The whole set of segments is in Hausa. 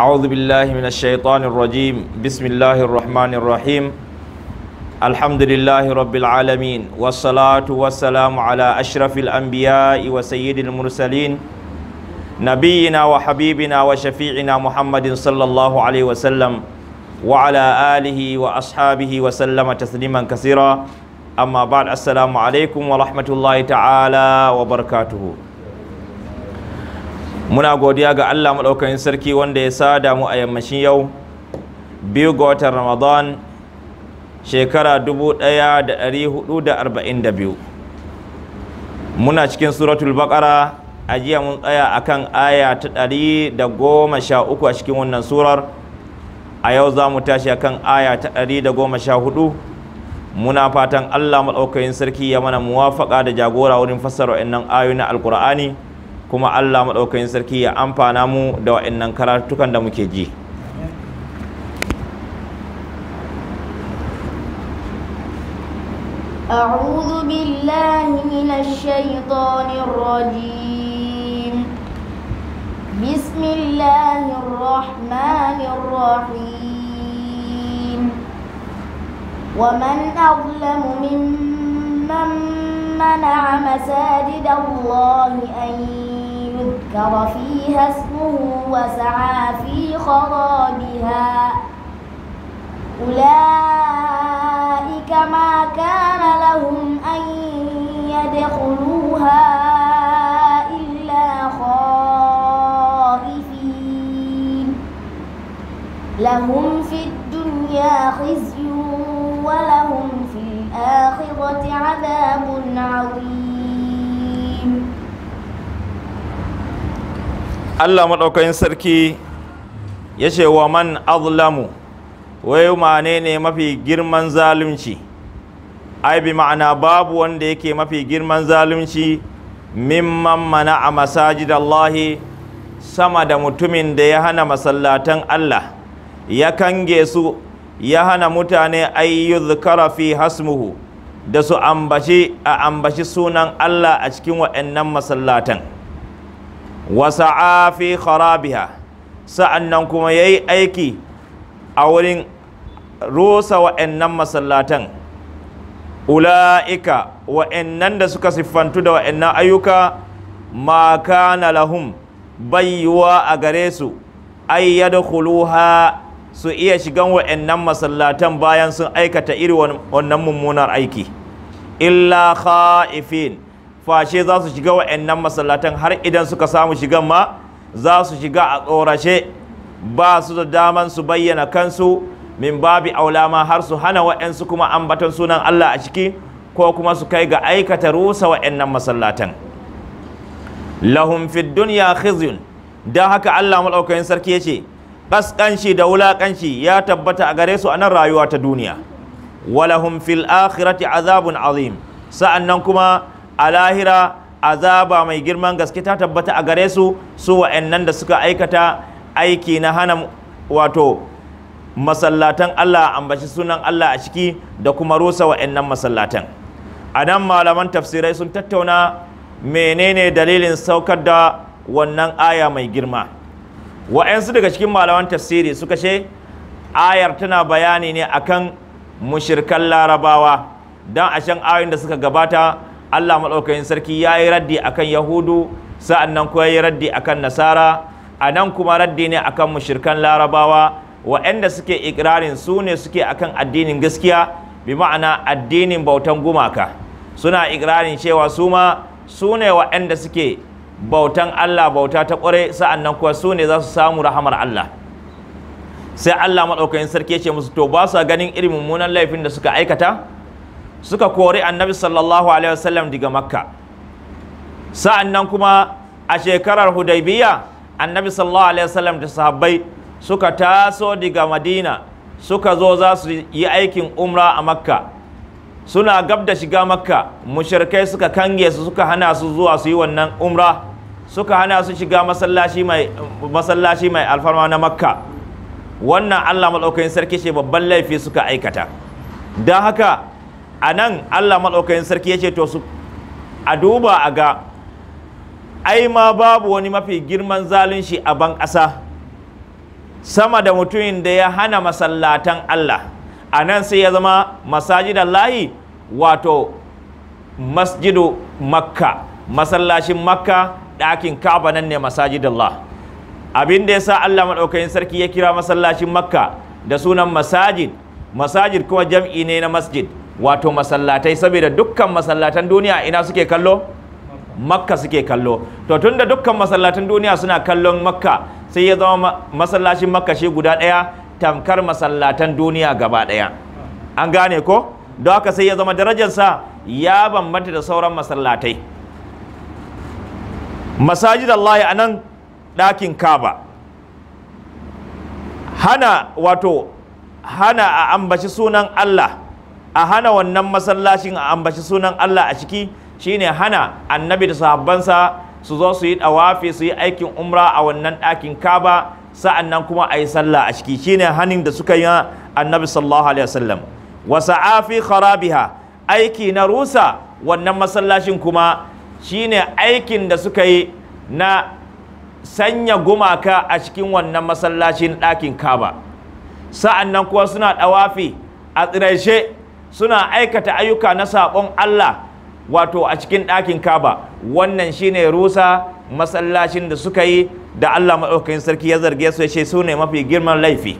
أعوذ بالله من الشيطان الرجيم بسم الله الرحمن الرحيم الحمد لله رب العالمين والصلاة والسلام على أشرف الأنبياء وسيد المرسلين نبينا وحبيبنا وشفيعنا محمد صلى الله عليه وسلم وعلى آله وأصحابه وسلم تسليما كثيرا أما بعد السلام عليكم ورحمة الله تعالى وبركاته muna godiya ga Allah maɗaukakin sarki wanda ya sada mu a yammacin yau biyu ga watan ramadan shekara 1442 muna cikin suratul baqara a jiya mun tsaya akan aya ta 113 a cikin wannan surar a yau za mu tashi kan aya ta 114 muna fatan Allah maɗaukakin sarki ya mana muwafaƙa da jagora wurin fassara wa'annan ayoyi na alkur'ani kuma Allah maɗaukakin sarki ya amfana mu da wa'annan karatukan da muke ji أعوذ بالله من الشيطان الرجيم بسم الله الرحمن الرحيم ومن أظلم ممن منع مساجد الله أن ذكر فيها اسمه وسعى في خرابها أولئك ما كان لهم أن يدخلوها إلا خائفين لهم في الدنيا خزي ولهم في الآخرة عذاب عظيم Allah maɗaukakin sarki ya ce wa man azlamu wai mane ne mafi girman zalunci ai bi ma'ana babu wanda yake mafi girman zalunci mimman mana a masajidallahi sama da mutumin da ya hana masallatan Allah ya kange su ya hana mutane ayyuzkara fi hasmuhu da su ambaci a ambaci sunan Allah a cikin waɗannan masallatan wasa'a fi kharabiha sa'annan kuma yayi aiki a wurin rusa wa'annan masallatan ula'ika wa'annan da suka siffantu da wa'annan ayyuka ma kana lahum bayyuwa a gare su ay yadkhuluha su iya shigan wa'annan masallatan bayan sun aikata iri wannan mummunar aiki illa kha'ifin fashe za su shiga wa'annan masallatan har idan suka samu shigan ma za su shiga a tsorashe ba su da daman su bayyana kansu min babi aulama har su hana wa'ansu kuma ambaton sunan Allah a ciki ko kuma su kai ga aikata rusa wa'annan masallatan lahum fid dunya khizyun da haka Allah madaukakin sarki yace kaskanci da wulakanci ya tabbata a gare su a nan rayuwa ta duniya walahum fil akhirati azabun azim sa'annan kuma a lahira azaba mai girman gaske ta tabbata a gare su su wa'annan da suka aikata aiki na hana wato masallatan Allah ambaci sunan Allah a ciki da kuma rusa wa'annan masallatan a nan malaman tafsirai sun tattauna menene dalilin saukar da wannan aya mai girma wa'ansu daga cikin malaman tafsiri suka ce ayar tana bayani ne akan mushirkan larabawa don a shan ayoyin da suka gabata Allah maɗaukakin sarki ya yi raddi akan yahudu sa'an nan kuma ya yi raddi akan nasara a nan kuma raddi ne akan mushirkan larabawa waɗanda suke ikirarin su ne suke akan addinin gaskiya bi ma'ana addinin bautan gumaka suna ikirarin cewa su ma su ne waɗanda suke bautan Allah bauta ta ƙware nan kuwa su ne za su samu rahamar Allah sai Allah maɗaukakin sarki ya ce musu to ba sa ganin irin mummunan laifin da suka aikata suka kori annabi sallallahu alaihi wasallam daga makka sa'annan kuma a shekarar hudaybiya annabi sallallahu alaihi wasallam da sahabbai suka taso daga madina suka zo za su yi aikin umra a makka suna gab da shiga makka mushirkai suka kange su suka hana su zuwa su yi wannan umra suka hana su shiga masallaci mai alfarma na makka wannan allah maɗaukakin sarki shi babban laifi suka aikata don haka a nan allah maɗaukakin sarki ya ce to su a duba a ga ai ma babu wani mafi girman zalunci a ban ƙasa sama da mutumin da ya hana masallatan allah a nan sai ya zama masajidan lahi wato masjidu makka masallacin makka ɗakin kaba nan ne masajidan allah abin da ya sa allah maɗaukakin sarki ya kira masallacin makka da sunan masajid masajid kuma jam'i ne na masjid wato masallatai saboda dukkan masallatan duniya ina suke kallo makka suke kallo to tunda dukkan masallatan duniya suna kallon makka sai ya zama masallacin makka shi guda ɗaya tamkar masallatan duniya gaba ɗaya an gane ko don haka sai ya zama darajarsa ya bambanta da sauran masallatai masajid Allah a nan ɗakin kaba hana wato hana a ambaci sunan Allah a hana wannan masallacin a ambaci sunan Allah a ciki shine hana annabi da sahabbansa su zo su yi dawafi su yi aikin umra a wannan ɗakin kaba sa'annan kuma a yi sallah a ciki shine hanin da suka yi annabi sallallahu alaihi wasallam wa sa'afi kharabiha aiki na rusa wannan masallacin kuma shine aikin da suka yi na sanya gumaka a cikin wannan masallacin ɗakin kaba sa'annan kuma suna ɗawafi a tsiraishe suna aikata ayyuka na saɓon Allah wato a cikin ɗakin kaba wannan shine rusa masallacin da suka yi da Allah maɗaukakin sarki ya zarge su ce su ne mafi girman laifi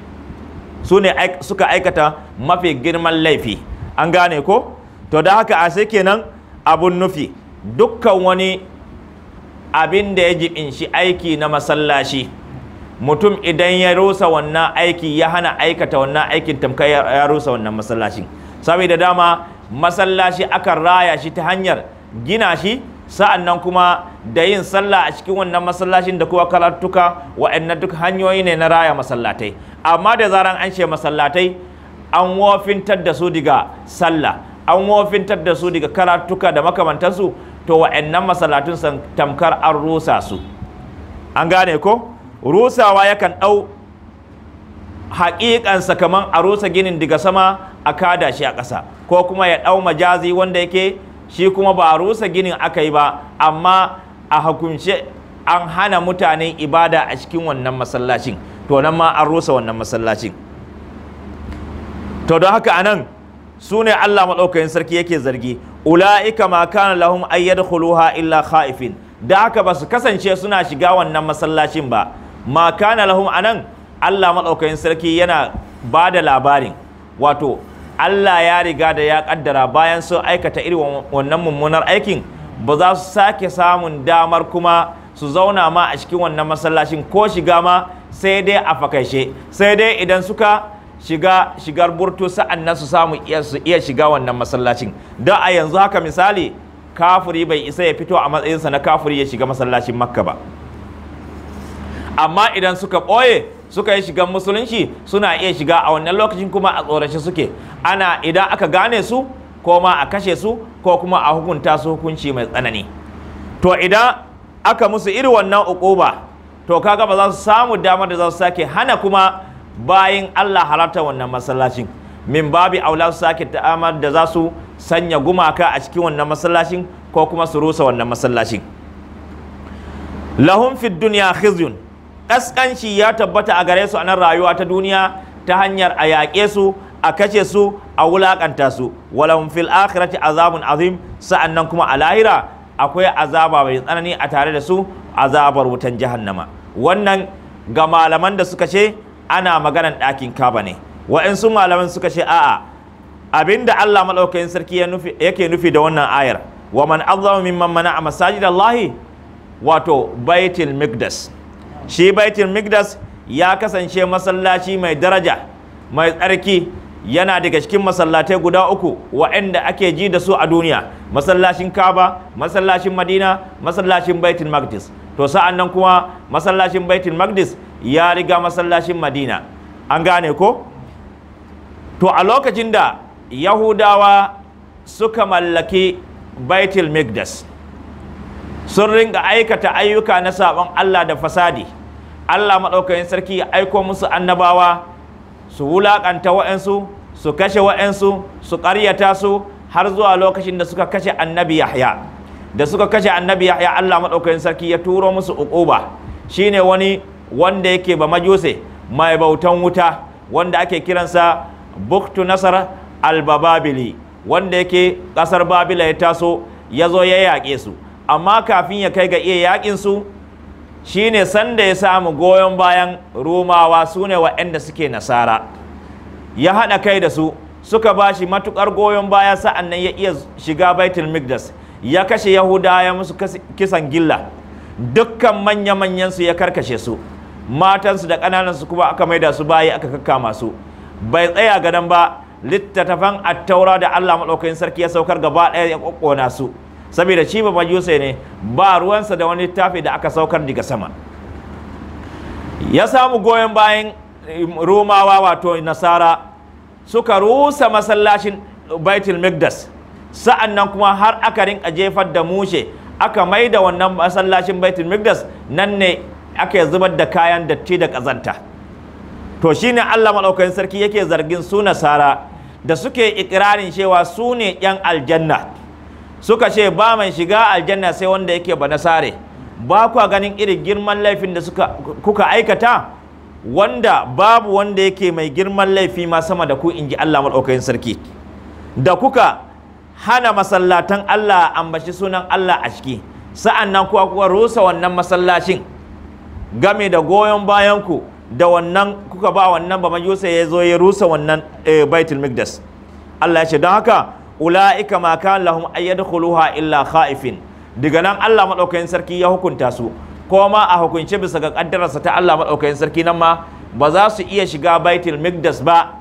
su ne suka aikata mafi girman laifi an gane ko to da haka a sai kenan abun nufi dukkan wani abin da ya shi aiki na masallaci mutum idan ya rusa wannan aiki ya hana aikata wannan aikin tamkar ya rusa wannan masallacin saboda dama masallaci akan raya shi ta hanyar gina shi sa'an nan kuma da yin sallah a cikin wannan masallacin da kuma karatuka wa'annan duk hanyoyi ne na raya masallatai amma da zaran an ce masallatai an wofintar da su daga sallah an wofintar da su daga kalartuka da makamantansu to wa'annan masallatun san tamkar an rusa su an gane ko rusawa yakan ɗau haƙiƙansa kamar a rusa ginin daga sama a kada shi a ƙasa ko kuma ya ɗau majazi wanda yake shi kuma ba a rusa ginin aka yi ba amma a hukunce an hana mutane ibada a cikin wannan masallacin to nan ma an rusa wannan masallacin to don haka anan su ne Allah maɗaukakin sarki yake zargi ula'ika ma kana lahum ay yadkhuluha illa khaifin da haka ba su kasance suna shiga wannan masallacin ba ma kana lahum anan Allah maɗaukakin sarki yana ba da labarin wato Allah ya riga da ya kaddara bayan sun aikata irin wannan mummunar aikin ba za su sake samun damar kuma su zauna ma a cikin wannan masallacin ko shiga ma sai dai a fakaishe sai dai idan suka shiga shigar burtu sa'an nan su samu su iya shiga wannan masallacin don a yanzu haka misali kafuri bai isa ya fito a matsayinsa na kafuri ya shiga masallacin makka ba amma idan suka ɓoye suka yi shigan musulunci suna iya shiga a wannan lokacin kuma a tsorashi suke ana idan aka gane su ko ma a kashe su ko kuma a hukunta su hukunci mai tsanani to idan aka musu iri wannan ukuba to kaga ba za su samu damar da za su sake hana kuma bayan Allah halarta wannan masallacin min babi aula su sake ta'amar da za su sanya gumaka a cikin wannan masallacin ko kuma su rusa wannan masallacin lahum fid dunya khizyun ƙasƙanci ya tabbata a gare su a nan rayuwa ta duniya ta hanyar a yaƙe su a kashe su a wulaƙanta su walahum fil akhirati azabun azim sa'annan kuma a lahira akwai azaba mai tsanani a tare da su azabar wutan jahannama wannan ga malaman da suka ce ana maganan ɗakin kaba ne wa'insu malaman suka ce a'a abinda Allah maɗaukakin sarki yake nufi da wannan ayar wa man azlamu mimman a masajidallahi wato baitul miqdas shi baitul Migdas ya kasance masallaci mai daraja mai tsarki yana daga cikin masallatai guda uku waɗanda ake ji da su a duniya masallacin kaba masallacin madina masallacin baitul maqdis to sa'an nan kuma masallacin baitul maqdis ya riga masallacin madina an gane ko to a lokacin da yahudawa suka mallaki baitul maqdis sun ringa aikata ayyuka na sabon allah da fasadi Allah maɗaukakin sarki ya aiko musu annabawa su wulaƙanta wa'ansu su kashe wa'ansu su ƙaryata su har zuwa lokacin da suka kashe annabi Yahya da suka kashe annabi Yahya Allah maɗaukakin sarki ya turo musu uquba shine wani wanda yake ba majuse mai bautan wuta wanda ake kiransa Buktu Nasar al-Bababili wanda yake ƙasar Babila ya taso ya zo ya yaƙe su amma kafin ya kai ga iya yaƙin su Shi ne sanda ya samu goyon bayan rumawa su ne waɗanda suke nasara ya haɗa kai da su suka ba shi matuƙar goyon baya sa'an nan ya iya shiga baitul migdas ya kashe yahuda ya musu kisan gilla dukkan manya-manyansu ya karkashe su matansu da ƙananansu kuma aka maida su bayi aka kakkama su bai tsaya ga gadan ba littattafan attaura da allah maɗaukakin sarki ya saukar gaba ɗaya ya ƙoƙona su saboda shi ba majuse ne ba ruwansa da wani littafi da aka saukar daga sama ya samu goyon bayan um, romawa wato nasara suka rusa masallacin baitul migdas sa'an nan kuma har aka rinka jefar da mushe aka mai da wannan masallacin baitul migdas nan ne aka zubar da kayan datti da ƙazanta to shine allah maɗaukakin sarki yake zargin su nasara da suke ikirarin cewa su ne 'yan aljanna suka ce ba mai shiga aljanna sai wanda yake ba nasare ba kwa ganin irin girman laifin da suka kuka aikata wanda babu wanda yake mai girman laifi ma sama da ku in ji Allah madaukakin sarki da kuka hana masallatan Allah ambashi sunan Allah a ciki sa'annan kuwa kuka rusa wannan masallacin game da goyon bayan da wannan kuka ba wannan ba majusa ya zo ya rusa wannan eh, baitul Allah ya ce don haka ula'ika ma kan lahum ayyadkhuluha illa khaifin daga nan Allah madaukakin sarki ya hukunta su koma a hukunce bisa ga kaddararsa ta Allah madaukakin sarki nan ma ba za su iya shiga baitul mikdas ba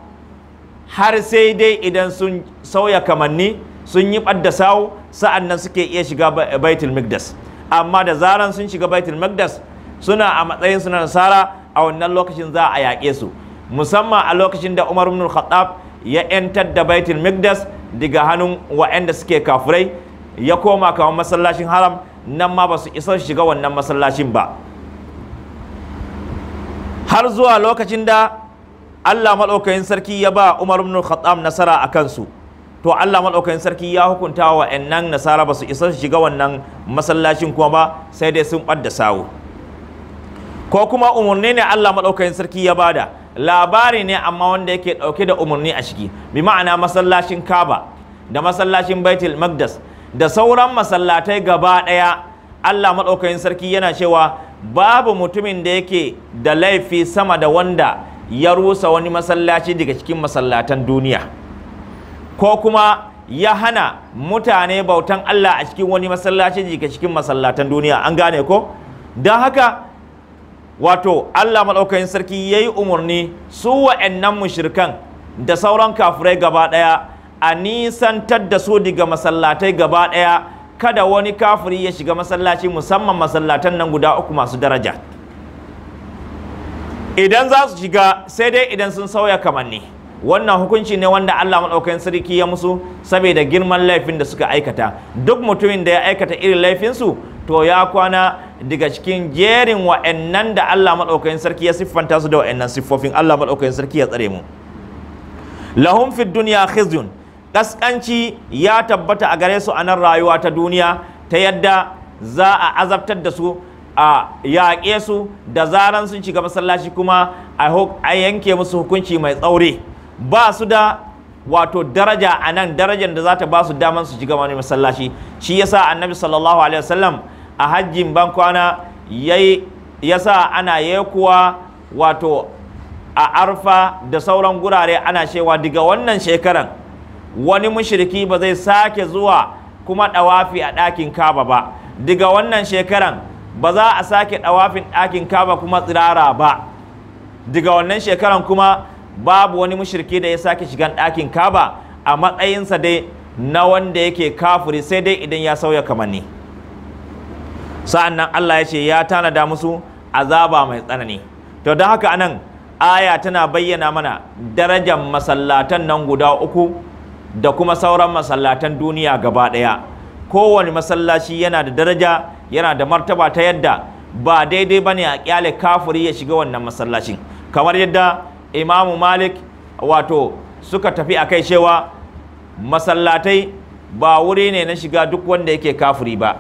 har sai dai idan sun sauya kamanni sun yi ɓadda sawu sa'an nan suke iya shiga baitul mikdas amma da zaran sun shiga baitul mikdas suna a matsayin suna nasara a wannan lokacin za a yaƙe su musamman a lokacin da umar ibn khattab ya 'yantar da baitul mikdas daga hannun wa'anda suke kafurai ya koma kamar masallacin haram nan ma ba su isar shiga wannan masallacin ba har zuwa lokacin da Allah maɗaukakin sarki ya ba Umar ibn Khattab nasara a kansu to Allah maɗaukakin sarki ya hukunta wa nan nasara ba su isa shiga wannan masallacin kuma ba sai dai sun ɓadda sawu ko kuma umarni ne Allah maɗaukakin sarki ya bada labari ne amma wanda yake dauke da umarni a ciki bi ma'ana masallacin Kaba da masallacin Baitul Maqdis da sauran masallatai gaba daya Allah madaukakin sarki yana cewa babu mutumin da yake da laifi sama da wanda ya rusa wani masallaci daga cikin masallatan duniya ko kuma ya hana mutane bautan Allah a cikin wani masallaci daga cikin masallatan duniya an gane ko don haka wato Allah maɗaukakin sarki ya yi umarni su wa'annan mushrikan da sauran kafirai gaba ɗaya a nisantar da su daga masallatai gaba ɗaya kada wani kafiri ya shiga masallaci musamman masallatan nan guda uku masu daraja idan za su shiga sai dai idan sun sauya kamanni wannan hukunci ne wanda Allah maɗaukakin sarki ya musu saboda girman laifin da suka aikata duk mutumin da ya aikata irin laifinsu to ya kwana daga cikin jerin wa'annan da Allah madaukakin sarki ya siffanta su da wa'annan siffofin Allah madaukakin sarki ya tsare mu lahum fid dunya khizyun kaskanci ya tabbata a gare su a nan rayuwa ta duniya ta yadda za a azabtar da su a yaƙe su da zaran sun shiga masallaci kuma a yanke musu hukunci mai tsaure ba su da wato daraja a nan darajar da za ta ba su daman su shiga wani masallaci shi yasa annabi sallallahu alaihi wasallam a hajjin bankwana ya sa ana yekuwa wato a arfa da sauran gurare ana shewa daga wannan shekaran wani mushriki ba zai sake zuwa kuma dawafi a ɗakin kaba ba daga wannan shekaran ba za a sake dawafin ɗakin kaba kuma tsirara ba daga wannan shekaran kuma babu wani mushriki da ya sake shigan ɗakin kaba a matsayinsa dai na wanda yake kafuri sai dai idan ya sauya kamanni. sa'an nan Allah ya ce ya tanada musu azaba mai tsanani to don haka anan aya tana bayyana mana darajar masallatan nan guda uku da kuma sauran masallatan duniya gaba ɗaya kowane masallaci yana da daraja yana da martaba ta yadda ba daidai bane a kyale kafuri ya shiga wannan masallacin kamar yadda imamu malik wato suka tafi a kai cewa masallatai ba wuri ne na shiga duk wanda yake kafuri ba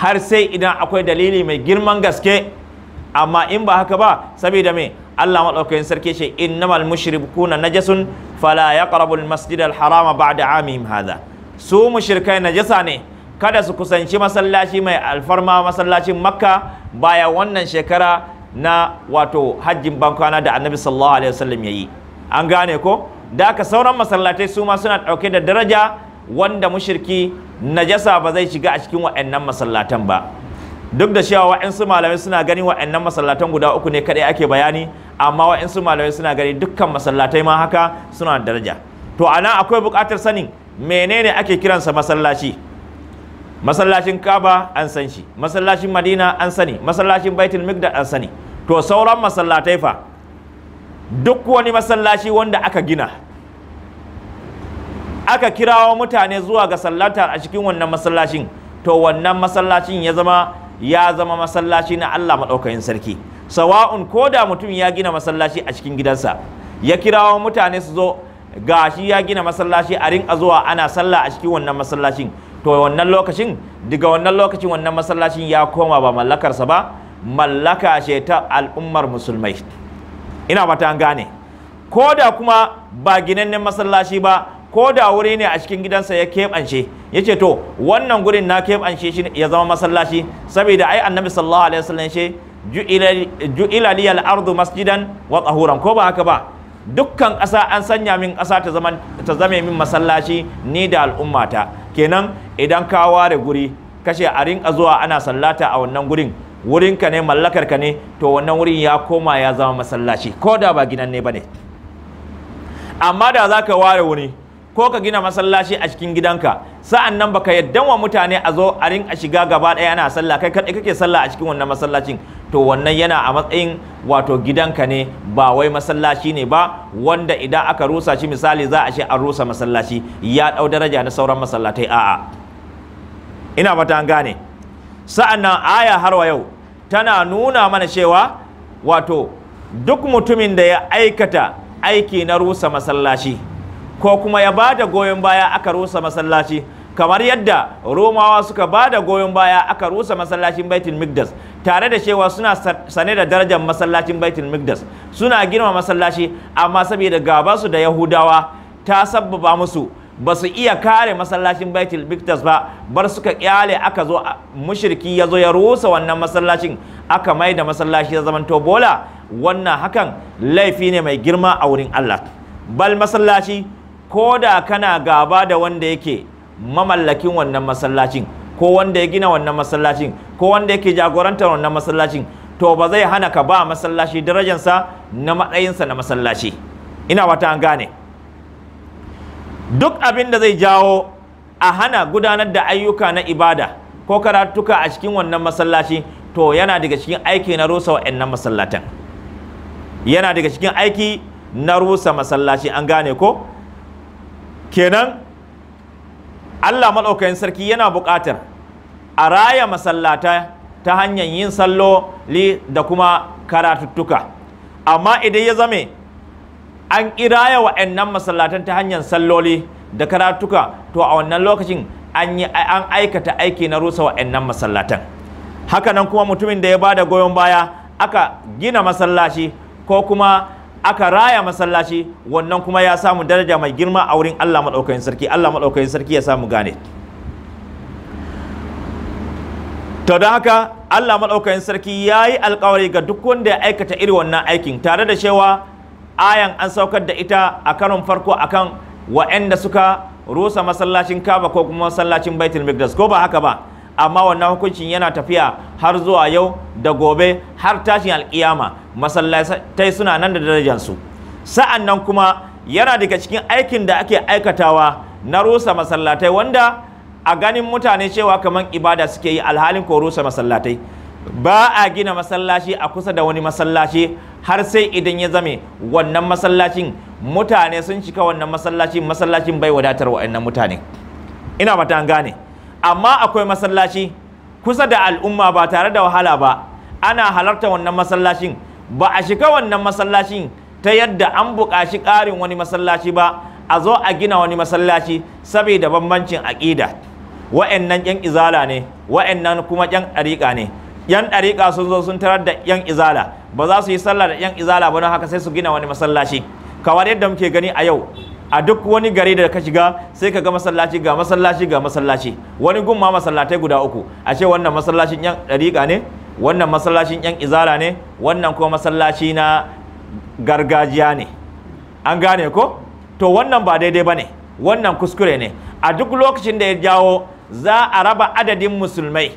har sai idan akwai dalili mai girman gaske amma in ba haka ba saboda me Allah madaukakin sarki ce innamal mushrikuna najasun fala yaqrabul masjidal harama ba'da amihim hadha su mushrikai najasa ne kada su kusanci masallaci mai alfarma masallacin makka baya wannan shekara na wato hajjin bankwana da annabi sallallahu alaihi wasallam yayi an gane ko da ka sauran masallatai su ma suna dauke da daraja wanda mushriki najasa ba zai shiga a cikin wa'annan masallatan ba duk da cewa wa'ansu malamai suna ganin wa'annan masallatan guda uku ne kadai ake bayani amma wa'ansu malamai suna gani dukkan masallatai ma haka suna da daraja to ana akwai buƙatar sanin menene ake kiransa masallaci masallacin kaba an san shi masallacin madina an sani masallacin baitul migdad an sani to sauran masallatai fa duk wani masallaci wanda aka gina aka kirawo mutane zuwa ga sallata a cikin wannan masallacin to wannan masallacin ya zama ya zama masallaci na Allah maɗaukakin sarki sawa'un ko da mutum ya gina masallaci a cikin gidansa ya kirawo mutane su zo gashi ya gina masallaci a rin zuwa ana sallah a cikin wannan masallacin to wannan lokacin daga wannan lokacin wannan masallacin ya koma ba mallakarsa ba mallaka ce ta al'ummar musulmai ina fata gane ko da kuma ba ginannen masallaci ba ko da wuri ne a cikin gidansa ya keɓance ya ce to wannan gurin na keɓance shi ya zama masallaci saboda ai annabi sallallahu alaihi wasallam ce ju'ila liyal ardu masjidan wa tahuran ko ba haka ba dukkan ƙasa an sanya min ƙasa ta zama ta zame min masallaci ni da al'ummata kenan idan ka ware guri kashe a rinka zuwa ana sallata a wannan wurin ka ne mallakarka ne to wannan wurin ya koma ya zama masallaci ko da ba gidan ne bane amma da zaka ware wuri ko ka gina masallaci a cikin gidanka sa'an nan baka yarda wa mutane a zo a rinka shiga gaba ɗaya ana sallah kai kaɗai kake sallah a cikin wannan masallacin to wannan yana a matsayin wato gidanka ne ba wai masallaci ne ba wanda idan aka rusa shi misali za a ce an rusa masallaci ya ɗau daraja na sauran masallatai a'a ina fata an gane sa'an nan aya har wa yau tana nuna mana cewa wato duk mutumin da ya aikata aiki na rusa masallaci ko kuma ya ba da goyon baya aka rusa masallaci kamar yadda romawa suka ba da goyon baya aka rusa masallacin baitul mikdas tare da cewa suna sane da darajar masallacin baitul mikdas suna girma masallaci amma saboda gaba su da yahudawa ta sabbaba musu ba su iya kare masallacin baitul mikdas ba bar suka kyale aka zo mushriki ya zo ya rusa wannan masallacin aka mai da masallaci ya zamanto bola wannan hakan laifi ne mai girma a wurin Allah bal masallaci ko da kana gaba da wanda yake mamallakin wannan masallacin ko wanda ya gina wannan masallacin ko wanda yake jagorantar wannan masallacin to ba zai hana ka ba masallaci darajarsa na matsayinsa na masallaci ina wata an gane duk abin da zai jawo a hana gudanar da ayyuka na ibada ko karatuka a cikin wannan masallaci to yana daga cikin aiki na rusa wa'annan masallatan yana daga cikin aiki na rusa masallaci an gane ko kenan Allah maɗaukakin sarki yana buƙatar a raya masallata ta hanyar yin salloli da kuma karatuttuka amma idan ya zame an ƙiraya wa'annan masallatan ta hanyar salloli da karatuka to a wannan lokacin an an aikata aiki na rusa wa'annan masallatan hakanan kuma mutumin da ya ba da goyon baya aka gina masallaci ko kuma aka raya masallaci wannan kuma ya samu daraja mai girma a wurin Allah maɗaukakin sarki Allah maɗaukakin sarki ya samu gane to don haka Allah maɗaukakin sarki ya yi alkawari ga duk wanda ya aikata iri wannan aikin tare da cewa ayan an saukar da ita a karon farko akan wa'anda suka rusa masallacin kaba ko kuma masallacin baitul ko ba haka ba amma wannan hukuncin yana tafiya har zuwa yau da gobe har tashin alkiyama masallatai suna nan da darajansu sa'an nan kuma yana daga cikin aikin da ake aikatawa na rusa masallatai wanda a ganin mutane cewa kamar ibada suke yi alhalin ko rusa masallatai ba a gina masallaci a kusa da wani masallaci har sai idan ya zame wannan masallacin mutane sun cika wannan masallacin masallacin bai wadatar wa'annan mutane ina mata an gane amma akwai masallaci kusa da al'umma ba tare da wahala ba ana halarta wannan masallacin ba a shiga wannan masallacin ta yadda an buƙaci ƙarin wani masallaci ba a zo a gina wani masallaci saboda bambancin aƙida wa'annan yan izala ne wa'annan kuma yan ɗariƙa ne yan ɗariƙa sun zo sun tarar da yan izala ba za su yi sallah da yan izala ba don haka sai su gina wani masallaci kawar yadda muke gani a yau a duk wani gari da ka shiga sai ka ga masallaci ga masallaci ga masallaci wani gun ma masallatai guda uku a ce wannan masallacin yan dariƙa ne wannan masallacin yan izara ne wannan kuma masallaci na gargajiya ne an gane ko to wannan ba daidai ba ne wannan kuskure ne a duk lokacin da ya jawo za a raba adadin musulmai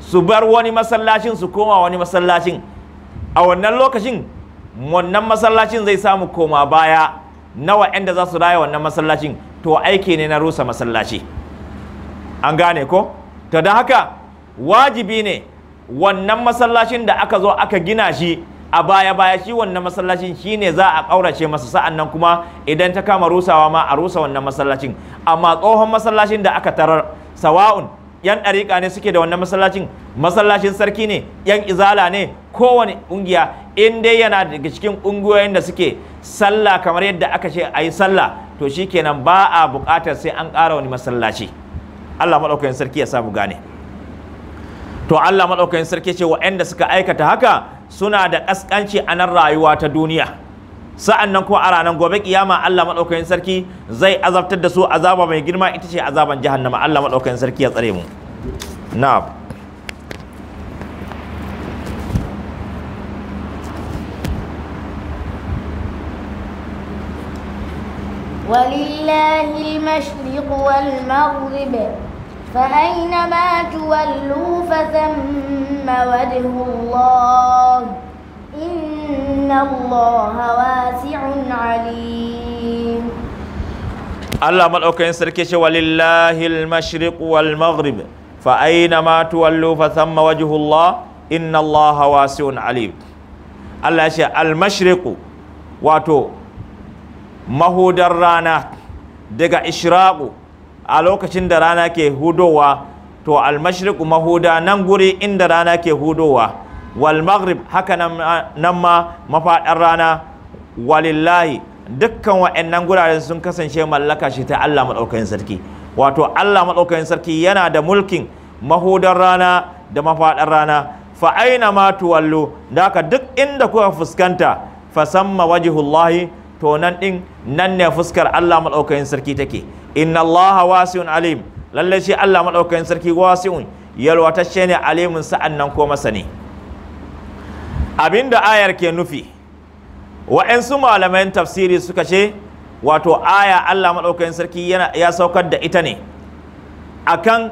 su bar wani masallacin su koma wani masallacin a wannan lokacin wannan masallacin zai samu koma baya Nawa waɗanda za su raya wannan masallacin to aiki ne na rusa masallaci an gane ko to da haka wajibi ne wannan masallacin da aka zo aka gina shi a baya baya shi wannan masallacin shi ne za a ƙaurace masa sa'an nan kuma idan ta kama rusawa ma a rusa wannan masallacin amma tsohon masallacin da aka tarar sawa'un yan ɗariƙa ne suke da wannan masallacin masallacin sarki ne yan izala ne kowane ƙungiya in dai yana daga cikin ƙungiyoyin da suke sallah kamar yadda aka ce a yi sallah to shi kenan ba a buƙatar sai an ƙara wani masallaci Allah maɗaukakin sarki ya samu gane to Allah maɗaukakin sarki ce waɗanda suka aikata haka suna da ƙasƙanci a nan rayuwa ta duniya sa'an nan kuma a ranar gobe kiyama Allah maɗaukakin sarki zai azabtar da su azaba mai girma ita ce azaban jahannama Allah maɗaukakin sarki ya tsare mu na'am ولله المشرق والمغرب فأينما تولوا فثم وجه الله إن الله واسع عليم الله ملأكين سركش ولله المشرق والمغرب فأينما تولوا فثم وجه الله إن الله واسع عليم الله يشاء المشرق واتو mahudar rana daga ishraku a lokacin da rana ke hudowa to almashriku mahuda nan guri inda rana ke hudowa wal maghrib haka nan ma mafaɗar rana walillahi dukkan wa'annan guraren sun kasance mallaka shi ta Allah maɗaukakin sarki wato Allah maɗaukakin sarki yana da mulkin mahudar rana da mafaɗar rana fa aina ma tuwallu da haka duk inda kuka fuskanta fa samma wajihullahi to nan din nan ne fuskar Allah maɗaukakin sarki take inna Allah wasi'un alim lalle shi Allah maɗaukakin sarki wasi'un yalwatacce ne alimin sa'an nan ko masani Abin da ayar ke nufi wa'yansu malaman tafsiri suka ce wato aya Allah maɗaukakin sarki ya saukar da ita ne akan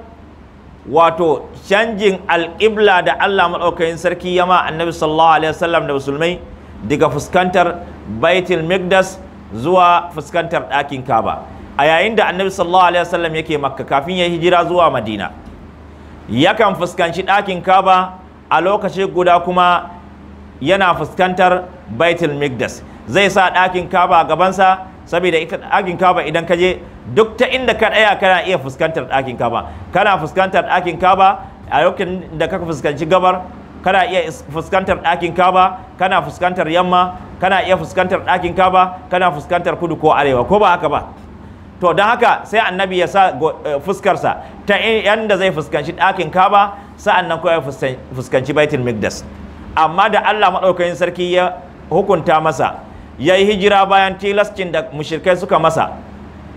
wato canjin alƙibla da Allah maɗaukakin sarki ya ma annabi sallallahu alaihi wasallam da musulmai daga fuskantar baitul mikdas zuwa fuskantar ɗakin kaba a yayin da annabi sallallahu alaihi wasallam yake makka kafin ya hijira zuwa madina yakan fuskanci ɗakin kaba a lokaci guda kuma yana fuskantar baitul migdas zai sa ɗakin kaba a gabansa saboda ita ɗakin kaba idan ka je duk ta inda ka ɗaya kana iya fuskantar ɗakin kaba kana fuskantar ɗakin kaba a lokacin da ka fuskanci gabar kana iya fuskantar ɗakin kaba kana fuskantar yamma kana iya fuskantar ɗakin kaba kana fuskantar kudu ko arewa ko ba haka ba to don haka sai annabi ya sa eh, fuskarsa ta yanda zai fuskanci ɗakin kaba sa'annan ko ya fuskanci baitul migdas amma da Allah maɗaukakin sarki ya hukunta masa ya yi hijira bayan tilascin da mushirkai suka masa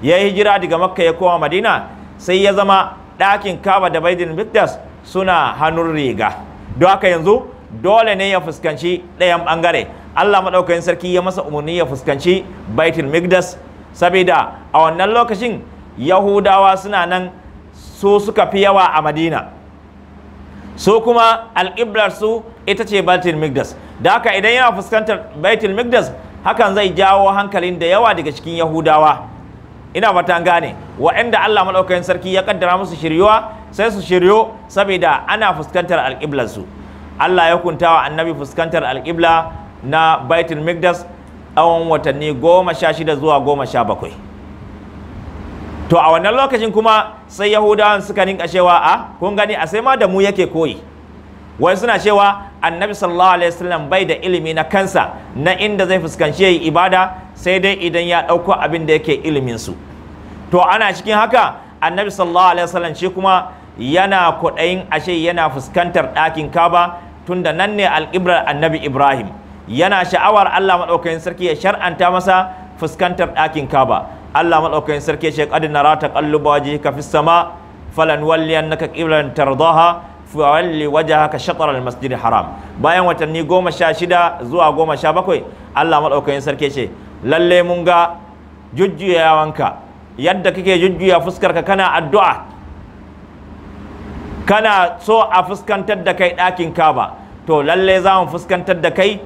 ya yi hijira daga makka ya koma madina sai ya zama ɗakin kaba da baidin mikdas suna hannun riga don haka yanzu dole ne ya fuskanci ɗayan ɓangare allah maɗaukakin sarki ya masa umarni ya fuskanci baitin mikdas saboda a wannan lokacin yahudawa suna nan su suka fi yawa a madina su kuma al'iblar su ita ce baitul mikdas da haka idan yana fuskantar baitul mikdas hakan zai jawo hankalin da yawa daga cikin yahudawa ina fatan gane waɗanda Allah maɗaukakin sarki ya kaddara musu shiryuwa sai su shiryo saboda ana fuskantar alƙiblarsu su Allah ya kunta wa annabi fuskantar alƙibla na baitul mikdas tsawon watanni goma sha shida zuwa goma sha bakwai to a wannan lokacin kuma sai yahudawan suka rinka cewa a ah, kun gani a sai ma da mu yake koyi wai suna cewa annabi sallallahu alaihi wasallam bai da ilimi na kansa na inda zai fuskanci yayi ibada sai dai idan ya ɗauko abin da yake ilimin su to ana cikin haka annabi sallallahu alaihi wasallam shi kuma yana kuɗayin ashe yana fuskantar ɗakin kaba tunda nan ne alƙibrar annabi ibrahim yana sha'awar allah maɗaukakin sarki ya shar'anta masa fuskantar ɗakin kaba allah maɗaukakin sarki ya ce qad nara taqalluba wajhika fis sama falan walliyannaka qiblan tardaha fawalli wajhaka shatr al-masjid haram bayan watanni goma sha shida zuwa goma sha bakwai Allah madaukakin sarki ce lalle mun ga jujjuyawanka yadda kake jujjuya fuskarka kana addu'a kana so a fuskantar da kai ɗakin kaba to lalle za mu fuskantar da kai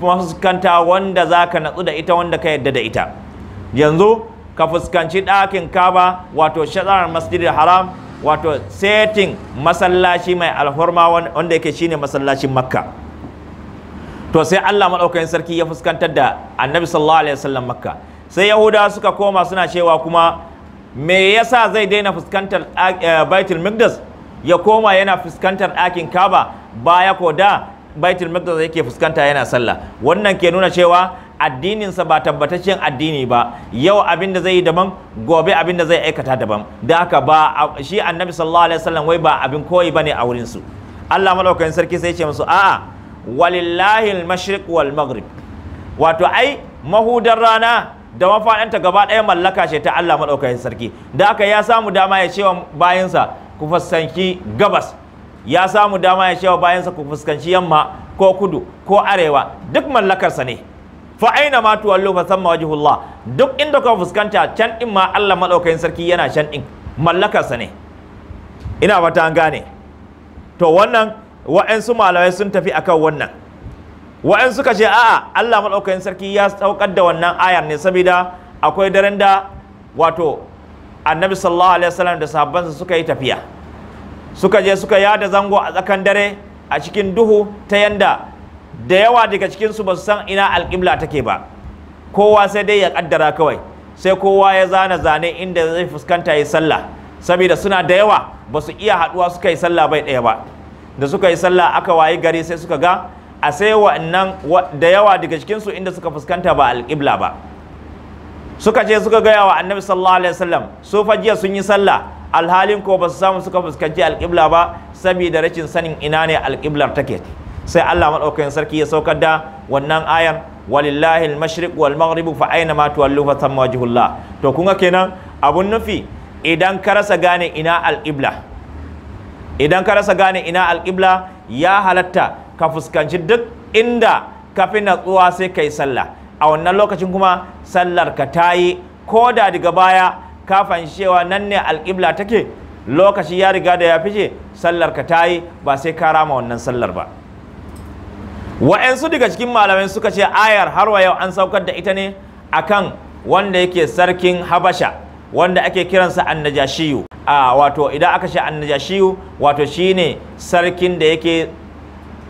fuskanta wanda za ka natsu da ita wanda ka yadda da ita yanzu ka fuskanci ɗakin kaba wato shazarar masjidin haram wato setin masallaci mai alhorma wanda yake shine masallacin makka to sai Allah maɗaukakin sarki ya fuskantar da annabi sallallahu alaihi wasallam makka sai yahudawa suka koma suna cewa kuma me yasa zai daina fuskantar eh, baitul Mikdas ya koma yana fuskantar ɗakin kaba baya ko da baitul Mikdas yake fuskanta yana sallah wannan ke nuna cewa addininsa ba tabbataccen addini ba yau abin da zai yi daban gobe abin da zai aikata daban da haka ba shi annabi sallallahu alaihi wasallam wai ba abin koyi bane a wurin su Allah madaukakin sarki sai ya ce musu a'a walillahi al-mashriq wal maghrib wato ai mahudar rana da mafaɗanta gaba ɗaya mallaka ce ta Allah madaukakin sarki da haka ya samu dama ya cewa bayansa ku fuskanci gabas ya samu dama ya cewa bayansa ku fuskanci yamma ko kudu ko arewa duk mallakarsa ne fa aina ma tuwallu fa samma wajhullah duk inda ka fuskanta can din ma Allah madaukakin sarki yana can din sa ne ina fata an gane to wannan wa'ansu malamai sun tafi akan wannan wa'ansu suka ce a'a Allah madaukakin sarki ya saukar da wannan ayar ne saboda akwai daren da wato annabi sallallahu alaihi wasallam da sahabbansa suka yi tafiya suka je suka yada zango a tsakan dare a cikin duhu ta yanda da yawa daga cikinsu ba su san ina alƙibla take ba kowa sai dai ya ƙaddara kawai sai kowa ya zana zane inda zai fuskanta ya sallah saboda suna da yawa ba su iya haɗuwa suka yi sallah bai ɗaya ba da suka yi sallah aka wayi gari sai suka ga a sai wa'annan da yawa daga cikinsu inda suka fuskanta ba alƙibla ba suka ce suka gaya wa annabi sallallahu alaihi wasallam su fajiya sun yi sallah alhalin ko ba su samu suka fuskanci alƙibla ba saboda rashin sanin ina ne alƙiblar take sai Allah madaukakin sarki ya saukar da wannan ayar walillahi al-mashriq wal maghrib fa aina ma tuwallu fa thamma wajhullah to kun ga kenan abun nufi idan ka rasa gane ina al-qibla idan ka rasa gane ina al-qibla ya halatta ka fuskanci duk inda ka fi natsuwa sai kai sallah a wannan lokacin kuma sallar ka tayi ko da daga baya ka cewa nan ne al-qibla take lokaci ya riga da ya fice sallar ka tayi ba sai ka rama wannan sallar ba wa'ansu daga cikin malamai suka ce ayar har wa yau an saukar da ita ne akan wanda yake sarkin habasha wanda ake kiransa annajashiyu a wato idan aka ce annajashiyu wato shine sarkin da yake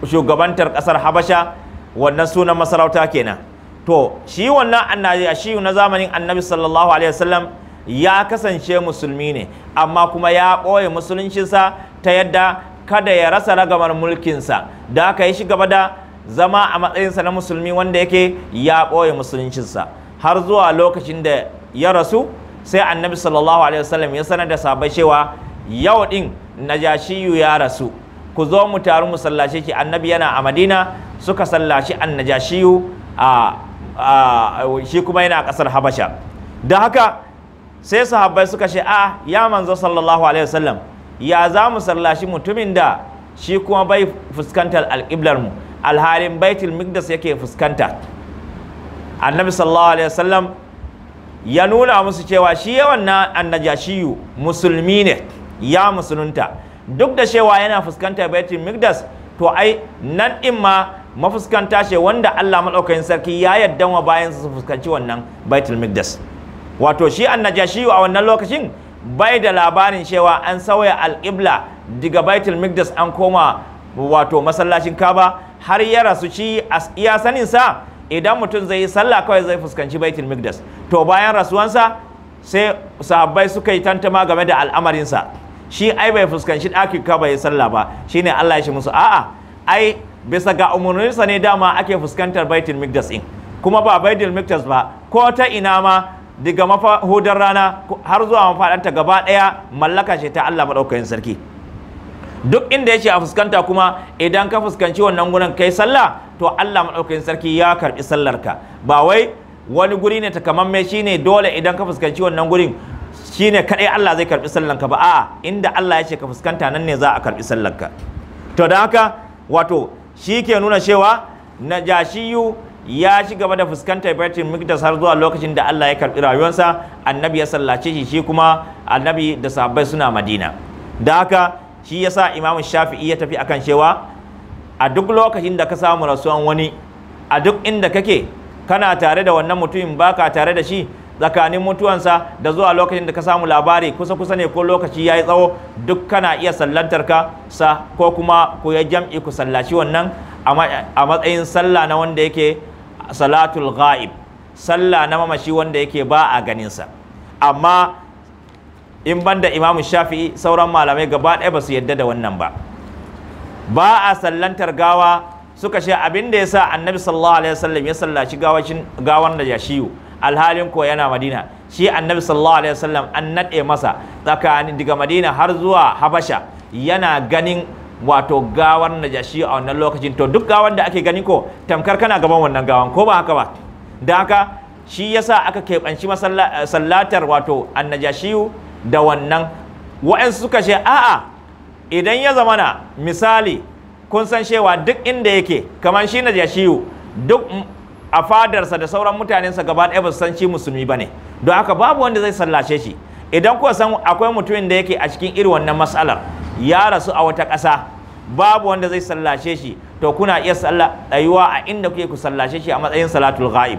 shugabantar kasar habasha wannan sunan masarauta kenan to shi wannan annajashiyu na zamanin annabi sallallahu alaihi wasallam ya kasance musulmi ne amma kuma ya ɓoye musuluncinsa ta yadda kada ya rasa ragamar mulkinsa da aka yi shi gaba da zama a matsayinsa na musulmi wanda yake ya ɓoye musuluncinsa har zuwa lokacin da ya rasu sai annabi sallallahu alaihi wasallam ya sanar da sabai cewa yau din najashiyu ya rasu ku zo mu taru mu sallace ki annabi yana a madina suka sallaci annajashiyu a shi kuma yana a ƙasar habasha da haka sai sahabbai suka ce a ah, ya manzo sallallahu alaihi wasallam ya za mu sallaci mutumin da shi kuma bai fuskantar alƙiblar mu alhalin baitul mikdas yake fuskanta annabi sallallahu alaihi wasallam ya nuna musu cewa shi yawan na annajashiyu musulmi ne ya musulunta duk da cewa yana fuskantar baitul mikdas to ai nan din ma mafuskanta ce wanda Allah madaukakin sarki ya yarda wa bayan su fuskanci wannan baitul mikdas wato shi annajashiyu a wannan lokacin bai da labarin cewa an sauya al al-qibla daga baitul mikdas an koma wato masallacin kaba har ya rasu shi iya sa idan mutum zai yi sallah kawai zai fuskanci baitul mikdas to bayan rasuwansa sai sahabbai suka yi tantama game da al'amarinsa shi ai bai fuskanci ɗakin ka bai sallah ba shine Allah ya shi musu a'a ai bisa ga umarninsa ne dama ake fuskantar baitul mikdas din kuma ba baitul mikdas ba ko ta ina ma daga mafahudar rana har zuwa mafaɗanta gaba ɗaya mallaka shi ta Allah maɗaukakin sarki duk inda yake a fuskanta kuma idan ka fuskanci wannan gurin kai sallah to Allah madaukakin sarki ya karbi ka. ba wai wani guri ne takamamme shine dole idan ka fuskanci wannan gurin shine kadai Allah zai karbi sallanka ba a'a inda Allah yace ka fuskanta nan ne za a karbi sallarka to da haka wato shi ke nuna cewa najashiyu ya ci gaba da fuskantar baitul miqdas har zuwa lokacin da Allah ya karbi rayuwarsa annabi ya sallace shi shi kuma annabi da sahabbai suna madina da haka shi ya sa Imam Shafi'i ya tafi akan cewa a duk lokacin da ka samu rasuwan wani a duk inda kake kana tare da wannan mutumin baka tare da shi tsakanin mutuwansa da zuwa lokacin da ka samu labari kusa kusa ne ko lokaci ya yi tsawo duk kana iya sallantar ka sa ko kuma ku ya jam'i ku sallaci wannan a matsayin sallah na wanda yake salatul ghaib sallah na mamashi wanda yake ba a ganinsa amma in banda imamu shafi'i sauran malamai gaba ɗaya ba su yadda da wannan ba ba a sallantar gawa suka ce abin da ya sa annabi sallallahu alaihi wasallam ya sallaci gawan da yashiyu alhalin ko yana madina shi annabi sallallahu alaihi wasallam an naɗe masa tsakanin daga madina har zuwa habasha yana ganin wato gawan najashi a wannan lokacin to duk gawan da ake gani ko tamkar kana gaban wannan gawan ko ba haka ba da haka shi yasa aka keɓanci masallatar wato annajashiyu da wannan wa'ansu suka ce a'a idan ya zamana misali kun san cewa duk inda yake kamar shi na jashiyu duk a fadarsa da sauran mutanensa gaba ɗaya ba su san shi musulmi ba ne don haka babu wanda zai sallace shi idan kuwa san akwai mutumin da yake a cikin iri wannan matsalar ya rasu a wata ƙasa babu wanda zai sallace shi to kuna iya sallah ɗayuwa a inda kuke ku sallace shi a matsayin salatul ghaib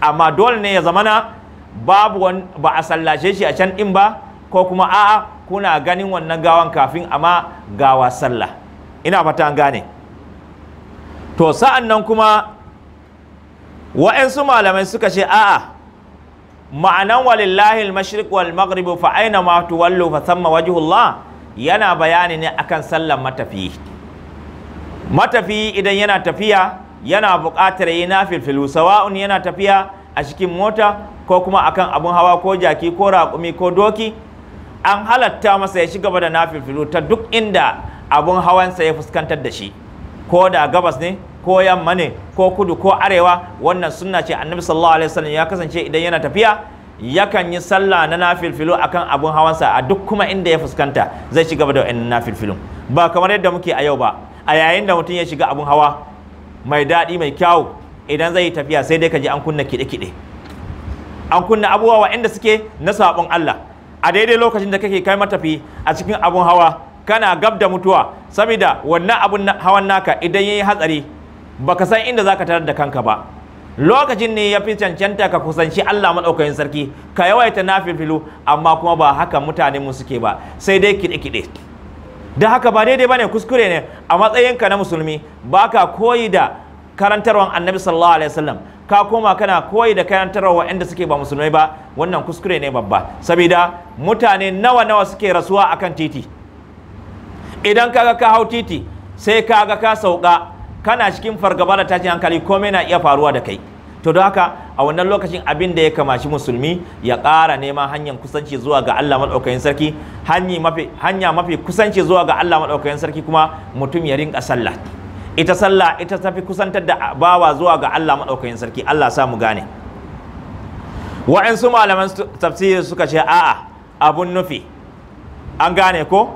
amma dole ne ya zamana babu ba a sallace shi a can ɗin ba ko kuma a'a kuna ganin wannan gawan kafin amma gawa sallah ina fata an gane to sa'an nan kuma wa'yansu malamai suka ce a'a ma'anan walillahi al-mashriq wal maghrib fa aina ma tuwallu fa thamma wajhullah yana bayani ne akan sallar matafi matafi idan yana tafiya yana buƙatar yi nafilfilu sawa'un yana tafiya a cikin mota ko kuma akan abun hawa ko jaki ko raƙumi ko doki an halatta masa ya shiga gaba da nafilfilu ta duk inda abun hawansa ya fuskantar da shi ko da gabas ne ko yamma ne ko kudu ko arewa wannan sunna ce annabi sallallahu alaihi wasallam ya kasance idan yana tafiya yakan yi sallah na nafilfilu akan abun hawansa a duk kuma inda ya fuskanta zai shiga da wannan nafilfilun ba kamar yadda muke a yau ba a yayin da mutum ya shiga abun hawa mai daɗi mai kyau, idan zai yi tafiya sai dai ka ji an kunna kiɗe-kiɗe an kunna abubuwa inda suke na sabon Allah a daidai lokacin da kake kai matafi a cikin abun hawa kana gab da mutuwa saboda wannan abun hawan naka idan yayi hatsari baka san inda zaka tarar da kanka ba lokacin ne ya fi cancanta ka kusanci Allah maɗaukakin sarki ka yawaita nafifilu amma kuma ba haka mutane mu suke ba sai dai kiɗe-kiɗe da haka ba daidai bane kuskure ne a matsayinka na musulmi baka koyi da karantarwan annabi sallallahu alaihi wasallam ka koma kana koyi da kayan karantarwa waɗanda suke ba musulmai ba wannan kuskure ne babba saboda mutane nawa nawa suke rasuwa akan titi idan kaga ka hau titi sai kaga ka sauka kana cikin fargaba da tashin hankali komai na iya faruwa da kai to don haka a wannan lokacin abin da ya kamashi musulmi ya ƙara neman hanyar kusanci zuwa ga Allah maɗaukakin sarki hanya mafi kusanci zuwa ga Allah maɗaukakin sarki kuma mutum ya rinka sallah ita sallah ita tafi kusantar da bawa zuwa ga Allah maɗaukakin sarki Allah sa mu gane wa'ansu malaman tafsiri suka ce a'a abun nufi an gane ko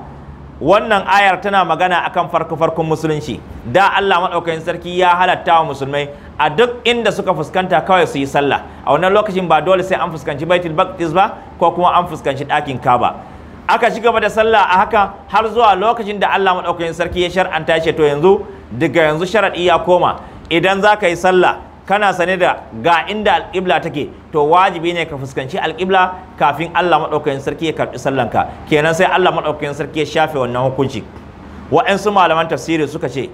wannan ayar tana magana akan farko farkon musulunci da Allah maɗaukakin sarki ya halatta wa musulmai a duk inda suka fuskanta kawai su yi sallah a wannan lokacin ba dole sai an fuskanci baitul maqdis ba ko kuma an fuskanci ɗakin kaba aka ci gaba da sallah a haka har zuwa lokacin da Allah maɗaukakin sarki ya shar'anta shi to yanzu daga yanzu sharaɗi ya koma idan za ka yi sallah kana sane da ga inda alƙibla take to wajibi ne ka fuskanci alƙibla kafin Allah maɗaukakin sarki ya karɓi sallanka kenan sai Allah maɗaukakin sarki ya shafe wannan hukunci wa'ansu malaman tafsiri suka ce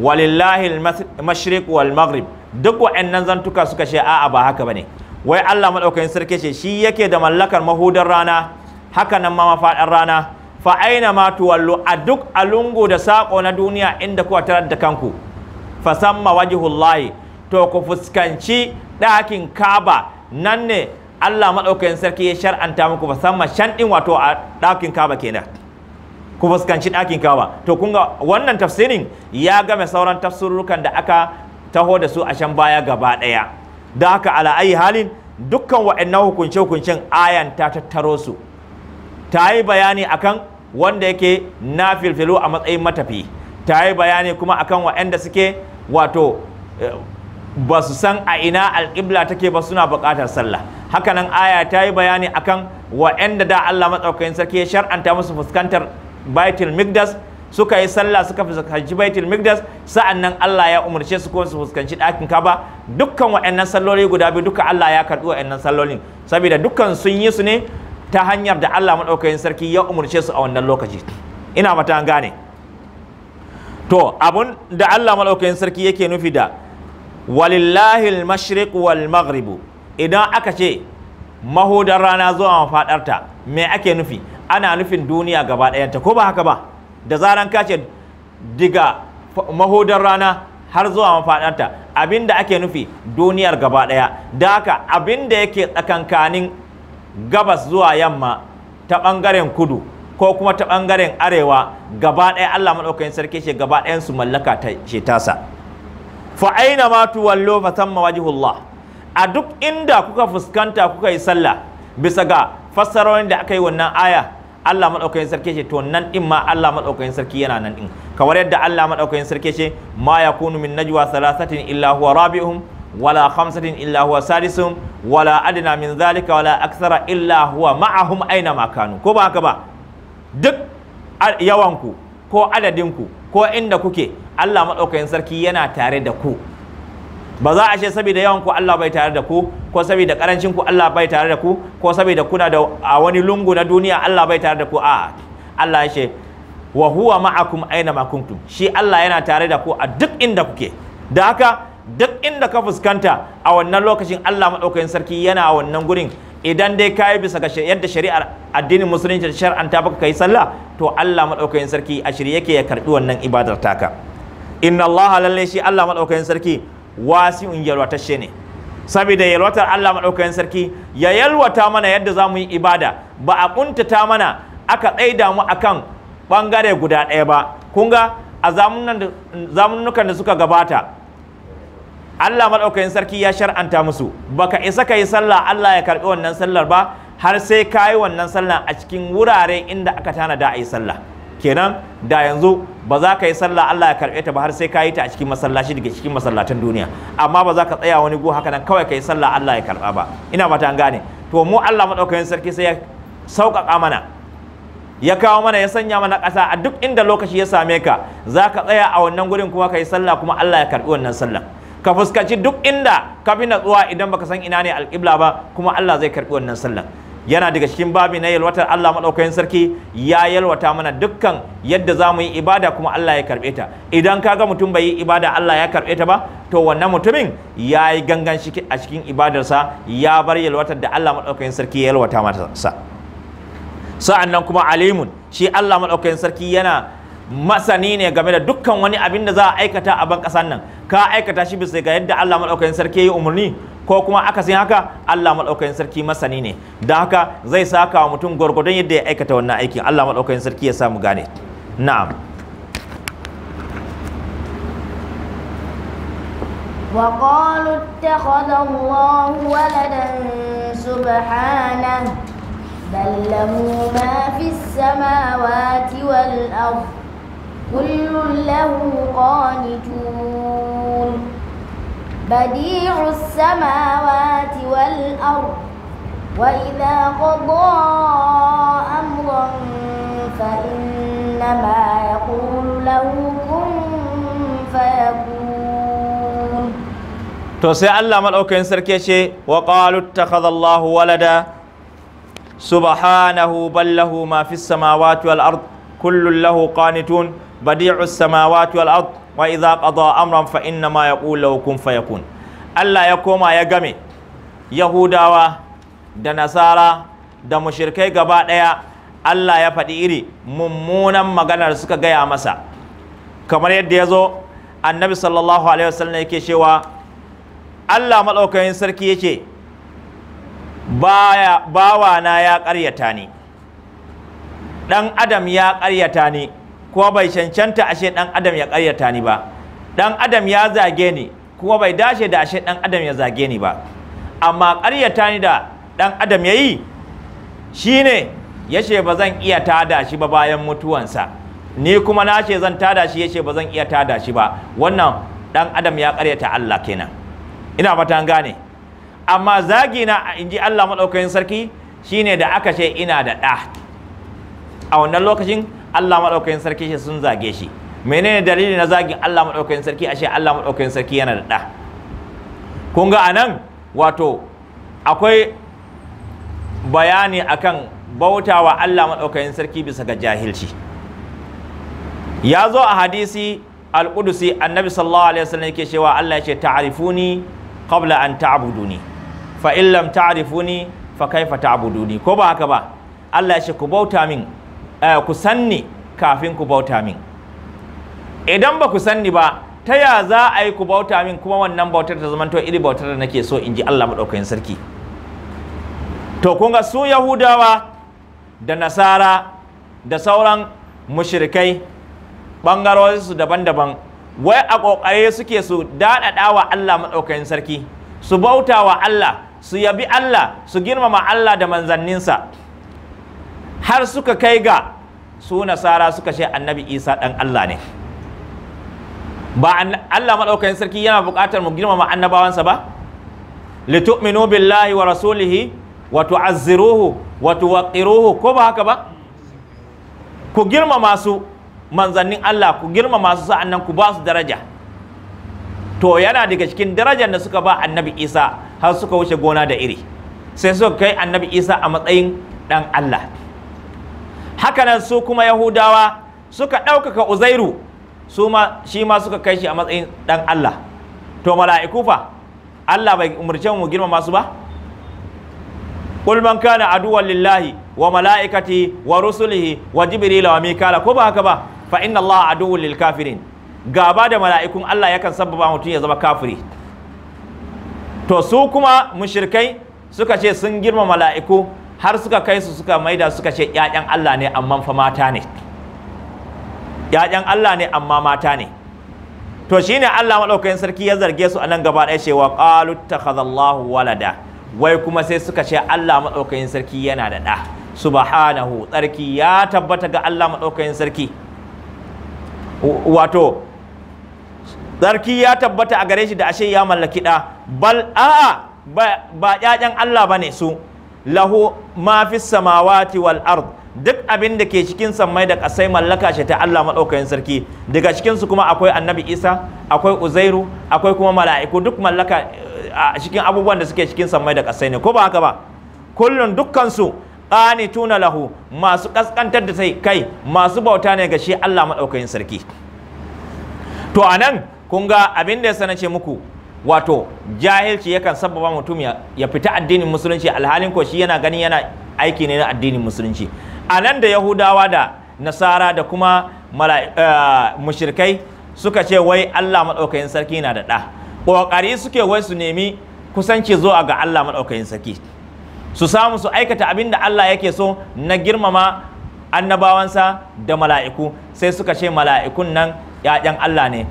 walillahi mashriq wal maghrib duk wa'annan zantuka suka ce a'a ba haka bane wai Allah maɗaukakin sarki ce shi yake da mallakar mahudar rana haka nan ma mafaɗar rana fa aina ma tuwallu a duk alungu da saƙo na duniya inda kuwa tarar da kanku fa samma wajhullahi to ku fuskanci ɗakin kaba nan ne Allah maɗaukakin sarki ya shar'anta muku fa samma shan ɗin wato a ɗakin kaba kenan ku fuskanci ɗakin kaba to kun ga wannan tafsirin ya game sauran tafsirukan da aka taho da su a shan baya gaba ɗaya da haka ala ayi halin dukkan waɗannan hukunce-hukuncen ayan ta tattaro su ta yi bayani akan wanda yake na filfilu a matsayin matafi ta yi bayani kuma akan waɗanda suke wato eh, ba su san a ina alƙibla take ba suna buƙatar sallah hakanan aya ta yi bayani akan waɗanda da Allah matsaukakin sarki ya shar'anta musu fuskantar baitul mikdas suka yi sallah suka fuskanci baitul Sa'an nan Allah ya umarce su kuma su fuskanci ɗakin kaba dukkan waɗannan salloli guda biyu duka Allah ya karɓi waɗannan sallolin saboda dukkan sun yi su ne ta hanyar da Allah maɗaukakin sarki ya umarce su a wannan lokaci ina mata gane to abun da Allah maɗaukakin sarki yake nufi da walillahi al-mashriq wal maghribu idan aka ce mahudar rana zuwa mafaɗarta me ake nufi ana nufin duniya gaba ɗayanta ko ba haka ba da zaran ka ce diga mahudar rana har zuwa mafaɗarta abinda ake nufi duniyar gaba ɗaya da haka abinda yake tsakankanin gabas zuwa yamma ta ɓangaren kudu ko kuma ta ɓangaren arewa gaba ɗaya Allah maɗaukakin sarki ce gaba ɗayan su mallaka ta ce tasa fa aina ma wallo fa tamma wajhullah a duk inda kuka fuskanta kuka yi sallah bisa ga fassarorin da aka yi wannan aya Allah maɗaukakin sarki ce to nan din ma Allah maɗaukakin sarki yana nan din kamar yadda Allah maɗaukakin sarki ce ma yakunu min najwa salasatin illa huwa rabi'uhum wala khamsatin illa huwa sadisun wala adna min zalika wala aksara illa huwa ma'ahum aina ma kanu ko ba haka ba duk yawanku ko adadinku ko inda kuke Allah maɗaukakin sarki yana tare da ku ba za a ce saboda yawanku Allah bai tare da ku ko saboda karancinku Allah bai tare da ku ko saboda kuna a wani lungu na duniya Allah bai tare da ku Allah ya ce wa huwa ma'akum aina ma kuntum shi Allah yana tare da ku a duk inda kuke da haka duk inda ka fuskanta a wannan lokacin Allah maɗaukakin sarki yana a wannan gurin idan dai ka yi bisa ga yadda shari'ar addinin musulunci da shar'anta baka kai sallah to Allah maɗaukakin sarki a shirye yake ya karɓi wannan ibadar taka inna Allah lalle shi Allah maɗaukakin sarki wasi'un yalwatashe ne saboda yalwatar Allah maɗaukakin sarki ya yalwata mana yadda za mu yi ibada ba a kuntata mana aka tsaida mu akan bangare guda ɗaya ba kun ga a zamunukan da suka gabata Allah madaukakin sarki ya shar'anta musu baka isa ka yi sallah Allah ya karbi wannan sallar ba har sai ka yi wannan sallah a cikin wurare inda aka tanada a yi sallah kenan da yanzu ba za ka yi sallah Allah ya karbe ta ba har sai ka yi ta a cikin masallaci daga cikin masallatan duniya amma ba za ka tsaya wani go haka nan kawai ka yi sallah Allah ya karba ba ina ba ta gane to mu Allah madaukakin sarki sai ya sauƙaƙa mana ya kawo mana ya sanya mana ƙasa a duk inda lokaci ya same ka za ka tsaya a wannan gurin kuma ka yi sallah kuma Allah ya karɓi wannan sallah ka fuskaci duk inda ka bi natsuwa idan baka san ina ne alƙibla ba kuma Allah zai karɓi wannan sallah yana daga cikin babi na yalwatar Allah maɗaukakin sarki ya yalwata mana dukkan yadda za mu yi ibada kuma Allah ya karɓe ta idan ka ga mutum bai yi ibada Allah ya karɓe ta ba to wannan mutumin ya yi gangan a cikin ibadarsa ya bar yalwatar da Allah maɗaukakin sarki ya yalwata masa Sa'annan sa'annan kuma alimun shi Allah maɗaukakin sarki yana masani ne game da dukkan wani abin da za a aikata a ban ƙasar nan ka aikata shi bisa ga yadda Allah maɗaukakin sarki ya umarni ko kuma aka akasin haka Allah maɗaukakin sarki masani ne da haka zai saka wa mutum gwargwadon yadda ya aikata wannan aiki Allah maɗaukakin sarki ya samu gane na'am وقالوا اتخذ الله ولدا سبحانه بل له ما samawati wal ardh كل له قانتون بديع السماوات والأرض وإذا قضى أمرا فإنما يقول له كن فيكون توسي الله ملعوكين سركيشي وقالوا اتخذ الله ولدا سبحانه بل له ما في السماوات والأرض كل له قانتون badi'u samawati wal ard wa idza qada amran fa inna ma yaqulu lahu kun fayakun Allah ya koma ya game Yahudawa da Nasara da mushrikai gaba daya Allah ya faɗi iri mummunan maganar suka gaya masa kamar yadda ya zo annabi sallallahu alaihi wasallam yake cewa Allah maɗaukakin sarki yake baya bawana ya ƙaryata ni ɗan adam ya ƙaryata ni kuma bai cancanta ashe ɗan adam ya ƙaryata ni ba Ɗan adam ya zage ni kuma bai dashe da ashe ɗan adam ya zage ni ba amma ƙaryata ni da ɗan adam ya yi shine ya ce ba zan iya tada shi ba bayan mutuwansa ni kuma na ce zan tada shi ya ce ba zan iya tada shi ba wannan ɗan adam ya ƙaryata Allah kenan ina fata an gane amma zagi na inji ji Allah maɗaukakin sarki shine da aka ce ina da ɗa a wannan lokacin Allah madaukakin sarki shi sun zage shi menene dalili na zagin Allah madaukakin sarki ashe Allah madaukakin sarki yana da ɗa kun ga anan wato akwai bayani akan bautawa Allah madaukakin sarki bisa ga jahilci ya zo a hadisi al-qudusi annabi sallallahu alaihi wasallam yake cewa Allah ya ce ta'rifuni qabla an ta'buduni fa in lam ta'rifuni fa kaifa ta'buduni ko ba haka ba Allah ya ce ku bauta min Eh, ku sanni kafin ku bauta min idan ba ku sanni ba ta ya za a yi ku bauta min kuma wannan bautar ta zamanto iri bautar da nake so in ji Allah maɗaukakin sarki to kun ga su yahudawa da nasara da sauran mushrikai su daban-daban wai a ƙoƙare suke su daɗaɗa wa Allah maɗaukakin sarki su bauta wa Allah su yabi Allah su girmama Allah da manzanninsa har suka kai ga su nasara suka ce annabi isa ɗan allah ne ba allah maɗaukakin sarki yana buƙatar mu girmama annabawansa ba litu'minu billahi wa rasulihi wa tu'azziruhu wa tuwaqqiruhu ko ba haka ba ku girmama su manzannin Allah ku girmama su sa'annan ku ba su daraja to yana daga cikin darajar da suka ba annabi isa har suka wuce gona da iri sai suka kai annabi isa a matsayin ɗan allah hakanan su kuma yahudawa suka ɗaukaka uzairu su ma shi ma suka kai shi a matsayin ɗan Allah to mala'iku fa Allah bai umarce mu girmama su ba qul man kana aduwan lillahi wa mala'ikati wa rusulihi wa jibril wa mikala ko ba haka ba fa inna Allah aduwan lil kafirin gaba da mala'ikun Allah yakan sababa mutum ya zama kafiri to su kuma mushrikai suka ce sun girma mala'iku har suka kai su suka maida suka ce ‘ya'yan Allah ne amma fa mata ne ‘ya'yan Allah ne amma mata ne to shine Allah maɗaukakin sarki ya zarge su a nan gaba ɗaya cewa qalu takhadallahu walada wai kuma sai suka ce Allah maɗaukakin sarki yana da ɗa subhanahu tsarki ya tabbata ga Allah maɗaukakin sarki wato tsarki ya tabbata a gare shi da ashe ya mallaki ɗa bal a'a ba ƴaƴan Allah bane su lahu ma fi samawati wal ard duk abin da ke cikin sammai da kasai mallaka shi ta Allah madaukakin sarki daga cikin kuma akwai annabi Isa akwai Uzairu akwai kuma mala'iku duk mallaka a cikin abubuwan da suke cikin sammai da kasai ne ko ba haka ba kullun dukkan su tuna lahu masu kaskantar da sai kai masu bauta ne ga shi Allah madaukakin sarki to anan kun ga abin da ya sanace muku wato jahilci yakan sababa mutum ya fita addinin musulunci alhalin ko shi yana gani yana aiki ne na addinin musulunci a nan da yahudawa da nasara da kuma eh, mushirkai suka ce wai allah maɗaukakin sarki na da ɗa ƙoƙari suke wai su nemi kusanci zuwa ga allah maɗaukakin sarki su samu su aikata abin da allah yake so na girmama annabawansa da mala'iku sai suka ce mala'ikun nan ‘ya'yan Allah ne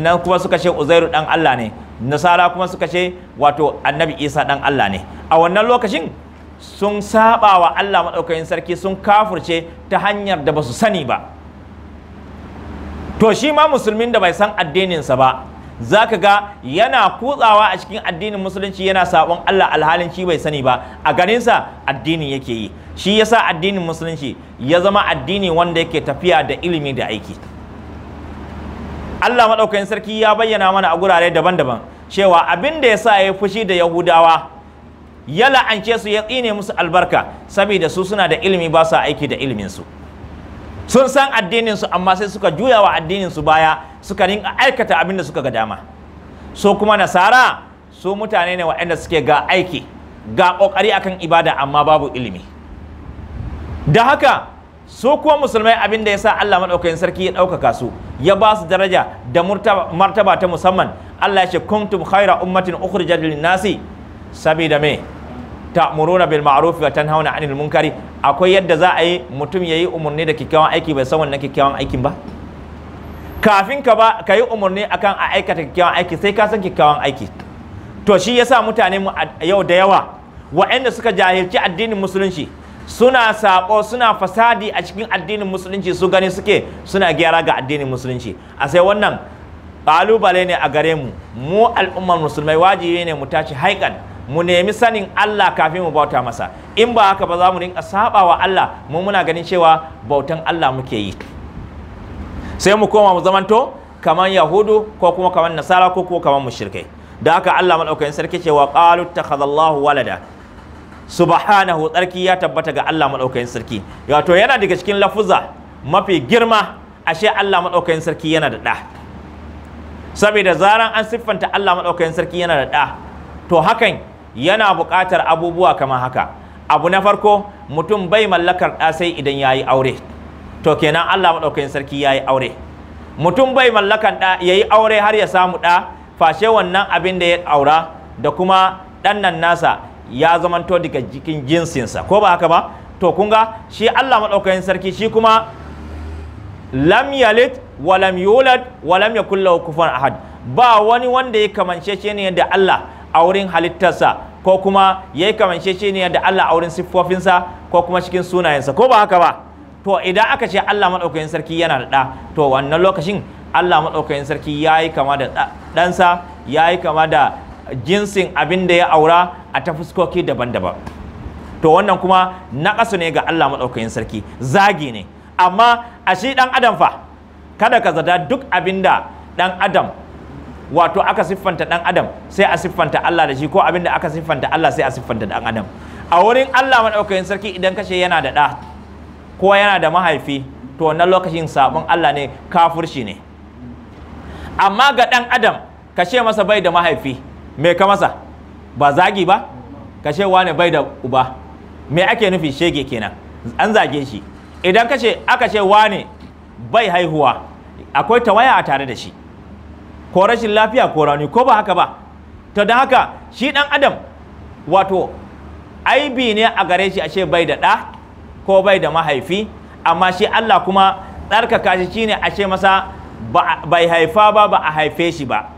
nan kuma suka ce uzairu ɗan Allah ne nasara kuma suka ce wato annabi isa dan allah ne a wannan lokacin sun saba wa allah maɗaukakin sarki sun kafurce ta hanyar da ba su sani ba to shi ma musulmin da bai san addininsa ba za ka ga yana kutsawa a cikin addinin musulunci yana sabon Allah alhalin shi bai sani ba a sa addini yake yi shi yasa addinin musulunci ya zama addini wanda yake tafiya da ilimi da aiki Allah maɗaukakin sarki ya bayyana mana a gurare daban-daban cewa abin da ya sa ya fushi da Yahudawa ya la'ance su ya tsine musu albarka saboda su suna da ilimi ba sa aiki da iliminsu. sun san addinin su amma sai suka juya wa addinin su baya suka rinka aikata abin da suka ga dama so kuma nasara su mutane ne waɗanda suke ga aiki ga ƙoƙari akan ibada amma babu ilimi da haka su kuma musulmai abin da ya sa Allah madaukakin sarki ya ɗaukaka su ya ba su daraja da martaba ta musamman Allah ya ce kuntum khaira ummatin ukhrijat lin nasi sabida me ta'muruna bil ma'ruf wa tanhauna 'anil munkari akwai yadda za a yi mutum yayi umurni da kikkiawan aiki bai san wannan kikkiawan aikin ba kafin ka ba ka yi umurni akan a aikata kikkiawan aiki sai ka san kikkiawan aiki to shi yasa mutane mu yau da yawa wa'anda suka jahilci addinin musulunci suna saƙo suna fasadi a cikin addinin musulunci su gani suke suna gyara ga addinin musulunci a sai wannan ƙalubale ne a gare mu mu al'ummar musulmai wajibi ne mu tashi haikan mu nemi sanin Allah kafin mu bauta masa in ba haka ba za mu rinka saba Allah mu muna ganin cewa bautan Allah muke yi sai mu koma mu zamanto kamar yahudu ko kuma kamar nasara ko kuma kamar mushrikai da haka Allah madaukakin sarki cewa qalu takhadallahu walada subhanahu tsarki ya tabbata ga Allah madaukakin sarki wato yana daga cikin lafuza mafi girma ashe Allah madaukakin sarki yana da ɗa. saboda zaran an siffanta Allah madaukakin sarki yana da ɗa, to hakan yana buƙatar abubuwa kamar haka abu na farko mutum bai mallakar ɗa sai idan ya yi aure to kenan Allah madaukakin sarki ya yi aure mutum bai mallakar ɗa ya yi aure har ya samu ɗa. fashe wannan abin da ya aura da kuma ɗannan nasa ya zamanto daga jikin jinsinsa ko ba haka ba to kun ga shi Allah maɗaukakin sarki shi kuma lam yalid wa lam yulad wa lam yakul lahu kufuwan ahad ba wani wanda ya kamance shi ne da Allah a wurin halittarsa ko kuma ya kamance shi ne da Allah a wurin siffofinsa ko kuma cikin sunayensa ko ba haka ba to idan aka ce Allah maɗaukakin sarki yana da ɗa to wannan lokacin Allah maɗaukakin sarki ya yi kama da ɗansa ya yi kama da jinsin abin da ya aura a ta fuskoki daban-daban to wannan kuma naƙasu ne ga Allah maɗaukakin sarki zagi ne amma a shi ɗan adam fa kada ka zata duk abin da ɗan adam wato aka siffanta ɗan adam sai a siffanta Allah da shi ko abin da aka siffanta Allah sai a siffanta ɗan adam a wurin Allah maɗaukakin sarki idan kashe yana da ɗa ko yana da mahaifi to wannan lokacin sabon Allah ne kafirci ne amma ga ɗan adam kashe masa bai da mahaifi me ka masa ba zagi ba ka wane bai da uba me ake nufi shege kenan an zage shi idan kashe ce aka ce wane bai haihuwa akwai tawaya a tare da shi ko rashin lafiya ko rauni ko ba haka ba to don haka shi dan adam wato aibi ne a gare shi ashe bai da ɗa ko bai da mahaifi amma shi Allah kuma tsarkaka shi shine a masa bai haifa ba ba a haife shi ba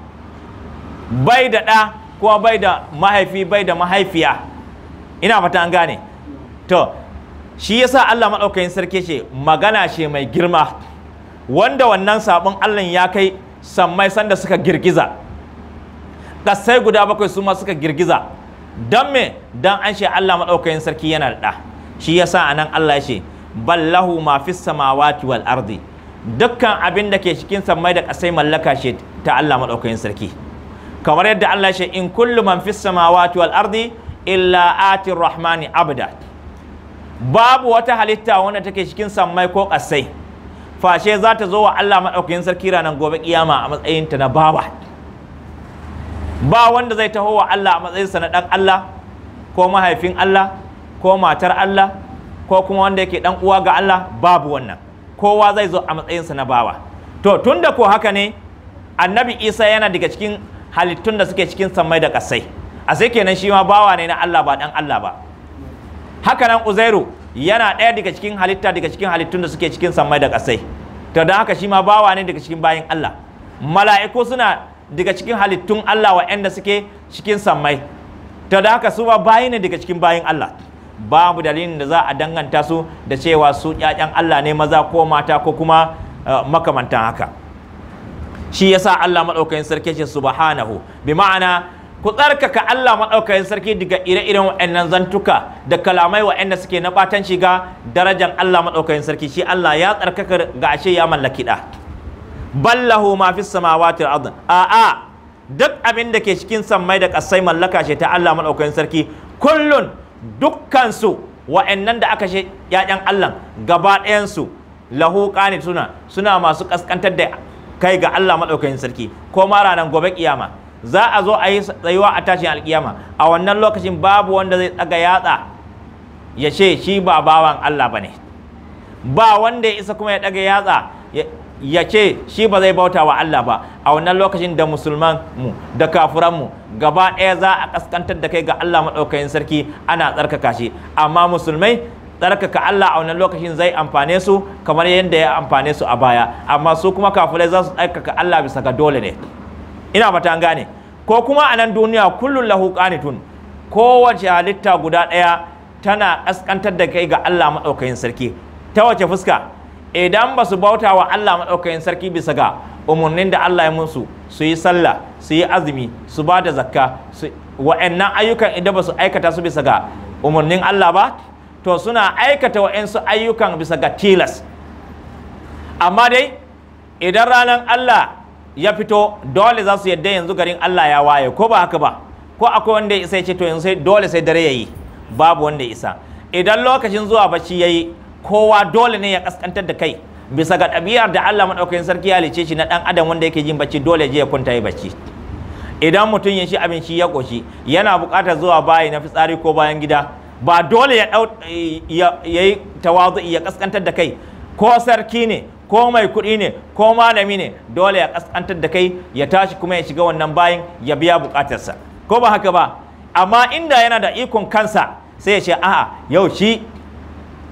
bai da ɗa kuma bai da mahaifi bai da mahaifiya ina fata an gane to shi yasa Allah maɗaukakin sarki ce magana ce mai girma wanda wannan sabon Allah ya kai sammai sanda suka girgiza kasai guda bakwai su ma suka girgiza don me don an ce Allah maɗaukain sarki yana da ɗa shi yasa nan Allah ya ce ballahu ma fis samawati wal ardi dukkan abin da ke cikin sammai da kasai mallaka ce ta Allah maɗaukain sarki kamar yadda Allah ya ce in kullu man fis samawati wal ardi illa atir rahmani abda babu wata halitta wanda take cikin sammai ko kasai fashe za ta zo wa Allah madaukakin sarki ranar gobe kiyama a matsayin ta na baba ba wanda zai taho wa Allah a matsayinsa na dan Allah ko mahaifin Allah ko matar Allah ko kuma wanda yake dan uwa ga Allah babu wannan kowa zai zo a matsayinsa na bawa to tunda ko haka ne annabi Isa yana daga cikin halittun da suke cikin sammai da kasai a sai kenan shi ma bawa ne na Allah ba dan Allah ba haka nan uzairu yana ɗaya daga cikin halitta daga cikin halittun da suke cikin sammai da kasai to don haka shi ma bawa ne daga cikin bayin Allah mala'iku suna daga cikin halittun Allah waɗanda suke cikin sammai to don haka su ba bayi ne daga cikin bayin Allah babu dalilin da za a danganta su da cewa su ƴaƴan Allah ne maza ko mata ko kuma eh, makamantan haka shi yasa Allah madaukakin sarki ce subhanahu bi ma'ana ku tsarkaka Allah madaukakin sarki daga ire-iren wa'annan zantuka da kalamai wa'anda suke na batan shiga darajar Allah madaukakin sarki shi Allah ya tsarkaka ga ashe ya mallaki da ballahu ma fis samawati wal a'a duk abin da ke cikin sammai da kasai mallaka ce ta Allah madaukakin sarki kullun dukkansu wa'annan da aka ce ya'yan Allah gaba ɗayansu lahu qanituna suna masu kaskantar da kai ga Allah maɗaukakin sarki ko ma ranar gobe kiyama za a zo a yi tsayuwa a tashin alkiyama a wannan lokacin babu wanda zai tsaga yatsa ya ce shi ba bawan Allah ba ne ba wanda ya isa kuma ya ɗaga yatsa ya ce shi ba zai bauta wa Allah ba a wannan lokacin da musulman mu da kafuranmu mu gaba ɗaya za a kaskantar da kai ga Allah maɗaukakin sarki ana tsarkaka shi amma musulmai tsarkaka Allah a wannan lokacin zai amfane su kamar yadda ya amfane su a baya amma su kuma kafirai za su tsarkaka Allah bisa ga dole ne ina fata gane ko kuma a nan duniya kullun lahu qanitun kowace halitta guda ɗaya tana ƙasƙantar da kai ga Allah maɗaukakin sarki ta wace fuska idan ba su bauta wa Allah maɗaukakin sarki bisa ga umarnin da Allah ya musu su yi sallah su yi azumi su ba da zakka wa'annan ayyukan idan ba su aikata su bisa ga umarnin Allah ba to suna aikata wayansu ayyukan bisa ga tilas amma dai idan ranar Allah ya fito dole za su yadda yanzu garin Allah ya waye ko ba haka ba ko akwai wanda ya isa ya ce to yanzu dole sai dare ya yi babu wanda ya isa idan lokacin zuwa bacci ya yi kowa dole ne ya kaskantar da kai bisa ga ɗabi'ar da Allah maɗaukakin sarki ya halice shi na ɗan adam wanda yake jin bacci dole je ya kwanta ya bacci idan mutum ya shi abinci ya ƙoshi yana buƙatar zuwa bayi na fitsari ko bayan gida ba dole ya yi tawazu ya kaskantar da kai ko sarki ne ko mai kuɗi ne ko malami ne dole ya kaskantar da kai ya tashi kuma ya shiga wannan bayin ya biya bukatarsa ko ba haka ba amma inda yana da ikon kansa sai ya ce a'a yau shi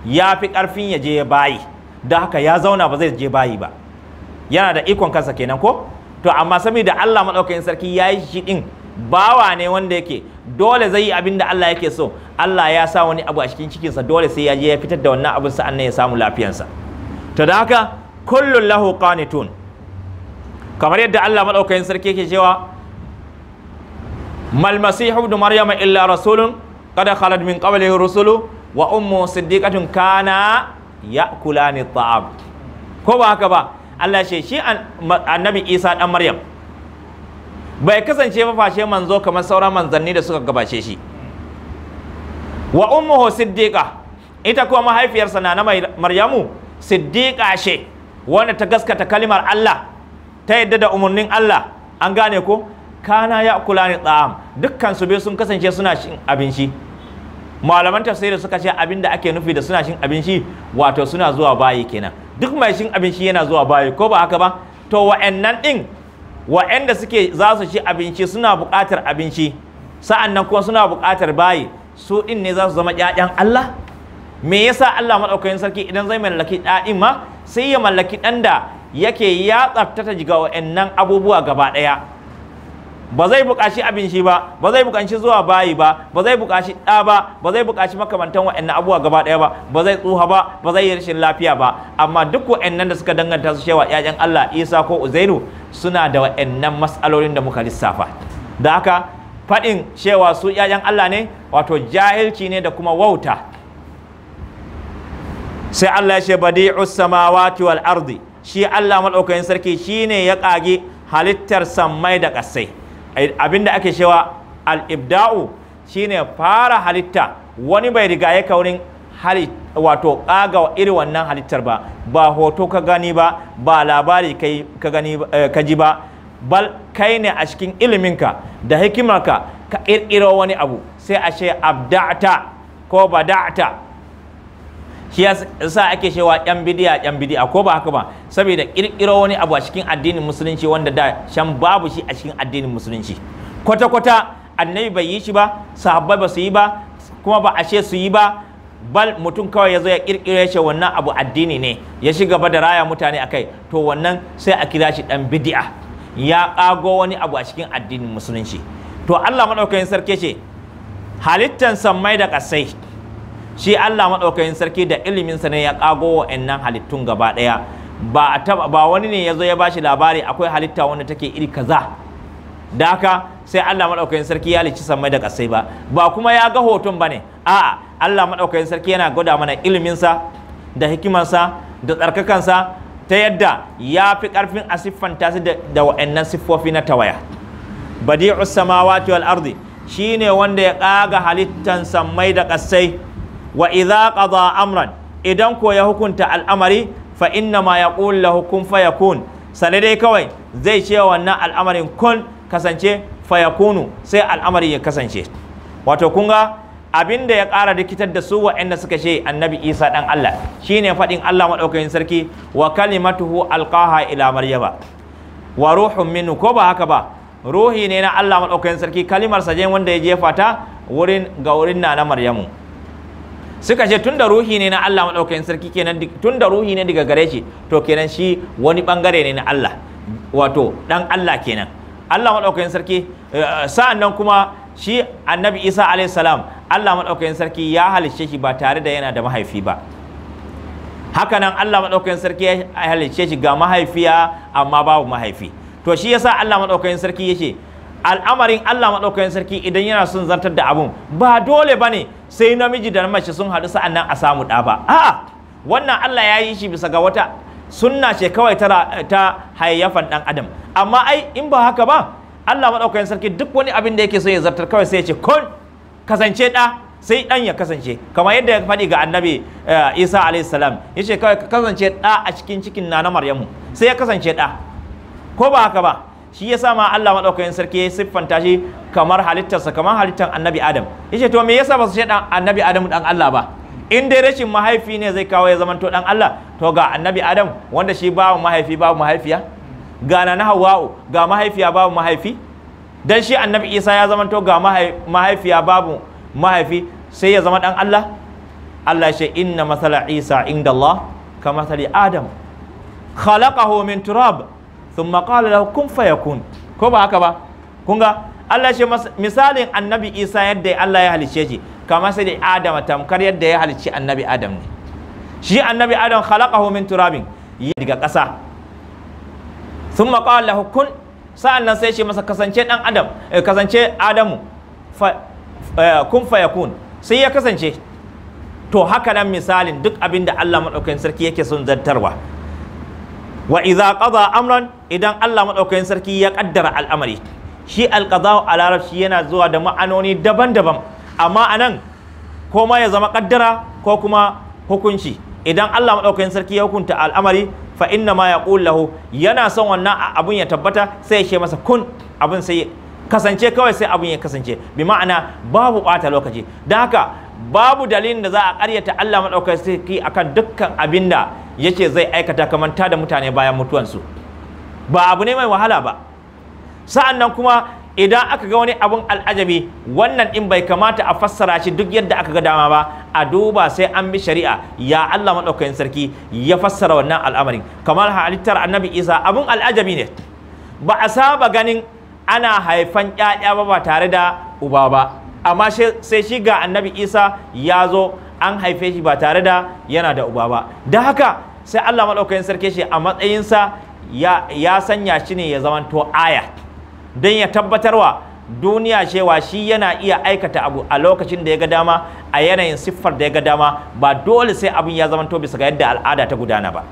ya fi ƙarfin ya je bayi da haka ya zauna ba zai je bayi ba yana da ikon kansa kenan ko to amma saboda Allah madaukakin sarki ya yi shi din bawa ne wanda yake dole zai yi abin da Allah yake so Allah ya sa wani abu a cikin cikinsa dole sai ya je ya fitar da wannan abin sa'annan ya samu lafiyansa to da haka kullun lahu qanitun kamar yadda Allah madaukakin sarki yake cewa mal masihu ibn maryama illa rasulun qad khalat min qablihi rusulu wa ummu siddiqatun kana ya'kulani ta'am ko ba haka ba Allah ce shi annabi Isa dan Maryam bai kasance ba fashe manzo kamar sauran manzanni da suka gabace shi wa ummuhu siddiqa ita kuma mahaifiyarsa na maryamu siddiqa she wanda ta gaskata kalimar Allah ta yadda da umarnin Allah an gane ko kana ya kula ni tsam dukkan su sun kasance suna cin abinci malaman tafsiri suka ce abin da ake nufi da suna cin abinci wato suna zuwa bayi kenan duk mai cin abinci yana zuwa bayi ko ba haka ba to wa'annan din wa'anda suke za su ci abinci suna buƙatar abinci sa'an nan kuma suna buƙatar bayi su ɗin ne za su zama ya'yan Allah me yasa Allah maɗaukakin sarki idan zai mallaki ɗa'in ma sai ya mallaki ɗan da yake ya tsaftata jiga wa'annan abubuwa gaba ɗaya ba zai buƙaci abin shi ba ba zai buƙaci zuwa bayi ba ba zai buƙaci ɗa ba ba zai buƙaci makamantan wa'annan abubuwa gaba ɗaya ba ba zai tsuha ba ba zai yi rashin lafiya ba amma duk wa'annan da suka danganta su cewa ƴaƴan Allah Isa ko Uzairu suna da wa'annan masalolin da muka lissafa da haka faɗin cewa su ƴaƴan Allah ne wato jahilci ne da kuma wauta sai Allah ya ce badi'us samawati wal ardi shi Allah madaukakin sarki shine ya kage halittar sammai da ƙasai Eh, abinda ake cewa al shi ne fara halitta wani bai riga ya kaurin wato ƙaga iri wannan halittar ba ba hoto ka gani ba ba labari eh, ka ji ba bal kai ne a cikin iliminka da hikimarka ka ƙirƙiro wani abu sai a ce abda'ta ko bada'ta shi yasa ake cewa yan bidiya yan bidiya ko ba haka ba saboda ƙirƙiro wani abu a cikin addinin musulunci wanda da shan babu shi a cikin addinin musulunci kwata kwata annabi bai yi shi ba sahabbai ba su yi ba kuma ba ashe su yi ba bal mutum kawai ya zo ya kirkiro shi wannan abu addini ne ya shiga gaba da raya mutane akai to wannan sai a kira shi dan bidi'a ya kago wani abu a cikin addinin musulunci to Allah madaukakin sarki ce halittan sammai da kasai shi Allah maɗaukakin sarki da iliminsa ne ya ƙago wa'annan halittun gaba ɗaya ba ba wani ne ya zo ya bashi labari akwai halitta wanda take iri kaza da haka sai Allah maɗaukakin sarki ya lici sammai da ƙasai ba ba kuma ya ga hoton ba ne a'a Allah maɗaukakin sarki yana gwada mana iliminsa da hikimarsa da tsarkakansa ta yadda ya fi ƙarfin a siffanta su da wa'annan siffofi na tawaya badi'us samawati wal ardi shine wanda ya ƙaga halittan samai da ƙasai wa idza qada amran idan ko ya hukunta al'amari fa inna ma yaqul lahu kun fayakun sane dai kawai zai ce wannan al'amarin kun kasance fayakunu sai al'amari ya kasance wato kun ga abin da ya ƙara rikitar da su waɗanda suka ce annabi isa ɗan allah shine faɗin allah maɗaukakin sarki wa kalimatuhu alqaha ila maryama wa ruhun minhu ko ba haka ba ruhi ne na allah maɗaukakin sarki kalimar sa wanda ya jefa ta wurin ga wurin na na maryamu suka ce tunda ruhi ne na Allah madaukakin sarki kenan tunda ruhi ne daga gare shi to kenan shi wani bangare ne na Allah wato dan Allah kenan Allah madaukakin sarki eh, sa'an nan kuma shi annabi Isa alayhi salam Allah madaukakin sarki ya halicce shi ba tare da yana da mahaifi ba hakanan Allah madaukakin sarki ya halicce shi ga mahaifiya amma babu mahaifi to shi yasa Allah madaukakin sarki yace al'amarin Allah maɗaukakin sarki idan yana son zartar da abun ba dole ba ne sai namiji da mace sun haɗu sa'an nan a samu ɗa ba a'a wannan Allah ya yi shi bisa ga wata sunna ce kawai ta, hayyafan hayayyafan ɗan adam amma ai in ba haka ba Allah maɗaukakin sarki duk wani abin da yake so ya zartar kawai sai ya ce kun kasance ɗa sai ɗan ya kasance kamar yadda ya faɗi ga annabi eh, isa salam ya ce kawai ka kasance ɗa a cikin cikin na na maryamu sai ya kasance ɗa ko ba haka ba shi ya sa ma Allah madaukakin sarki ya siffanta shi kamar halittarsa kamar halittar annabi Adam yace to me yasa ba su ce dan annabi Adam dan Allah ba in dai rashin mahaifi ne zai kawo ya to dan Allah to ga annabi Adam wanda shi babu mahaifi babu mahaifiya ga na Hawwa'u ga mahaifiya babu mahaifi dan shi annabi Isa ya to ga mahaifiya babu mahaifi sai ya zama dan Allah Allah ya inna masala Isa inda Allah ka masali Adam khalaqahu min turab thumma qala lahu kun fayakun ko ba haka ba kun ga Allah shi misalin annabi Isa yadda Allah ya halicce shi kamar sai da Adam tamkar yadda ya halicci annabi Adam ne shi annabi Adam khalaqahu min turabin ya daga ƙasa thumma qala lahu kun sa'annan sai shi masa kasance dan Adam eh, kasance Adamu eh, kun fayakun sai ya kasance to haka nan misalin duk abin da Allah maɗaukakin sarki yake son zartarwa wa idza qada amran idan Allah madaukakin sarki ya kaddara al'amari shi alqada a larabci yana zuwa da ma'anoni daban-daban amma anan ko ma ya zama kaddara ko kuma hukunci idan Allah madaukakin sarki ya hukunta al'amari fa inna ma yaqul lahu yana son wannan abun ya tabbata sai ya ce masa kun abun sai kasance kawai sai abun ya kasance bi ma'ana babu bata lokaci da haka babu dalilin da za a ƙaryata Allah maɗaukaki akan dukkan abin da ya ce zai aikata kamanta da mutane bayan mutuwansu ba abu ne mai wahala ba sa'an nan kuma idan aka ga wani abin al'ajabi wannan in bai kamata a fassara shi duk yadda aka ga dama ba a duba sai an bi shari'a ya Allah maɗaukakin sarki ya fassara wannan al'amarin kamar halittar annabi isa abin al'ajabi ne ba a saba ganin ana haifan 'ya'ya ba ba tare da uba ba amma sai shi ga annabi isa ya zo an haife shi ba tare da yana da uba ba da haka sai allah maɗaukakin sarki shi a matsayinsa ya sanya shi ne ya zamanto aya don ya tabbatarwa duniya cewa shi yana iya aikata abu a lokacin da ya ga dama a yanayin siffar da ya ga dama ba dole sai abin ya zamanto bisa ga yadda al'ada ta gudana ba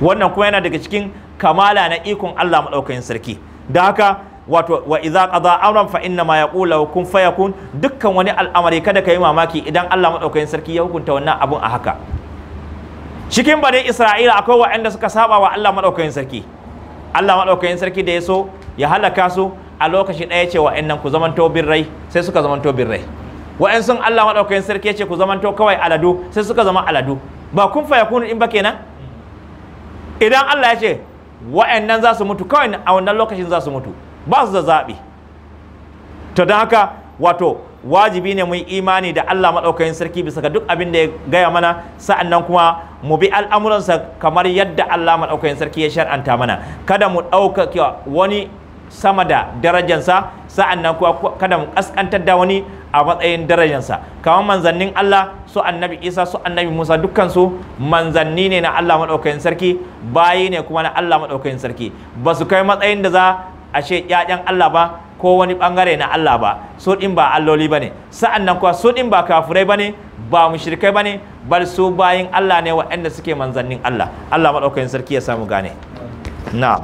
wannan kuma yana daga cikin kamala na ikon allah maɗaukakin sarki da haka wato wa idza qada amran fa inna ma yaqulu kun fayakun dukkan wani al'amari kada kai mamaki idan Allah madaukakin sarki ya hukunta wannan abun a haka cikin bane Isra'ila akwai waɗanda suka saba wa Allah madaukakin sarki Allah madaukakin sarki da ya so ya halaka su a lokaci ɗaya ce waɗannan ku zamanto birrai sai suka zamanto birrai waɗansu Allah madaukakin sarki ya ce ku zamanto kawai aladu sai suka zama aladu ba kun fayakun in ba kenan idan Allah ya ce waɗannan za su mutu kawai a wannan lokacin za su mutu ba su da zaɓi to don haka wato wajibi ne mu yi imani da Allah maɗaukakin sarki bisa ga duk abin da ya gaya mana sa'annan kuma mu bi al'amuransa kamar yadda Allah maɗaukakin sarki ya shar'anta mana kada mu ɗaukaka wani sama da darajansa sa'annan kuma kada mu kaskantar da wani a matsayin darajansa kamar manzannin Allah su annabi Isa su annabi Musa dukkansu manzanni ne na Allah maɗaukakin sarki bayi ne kuma na Allah maɗaukakin sarki ba su kai matsayin da za ashe ƴaƴan Allah ba ko wani ɓangare na Allah ba su ɗin ba alloli sa'an nan kuwa su ɗin ba kafirai ne ba mushrikai ne bal su bayin Allah ne waɗanda suke manzannin Allah Allah madaukakin sarki ya samu gane na.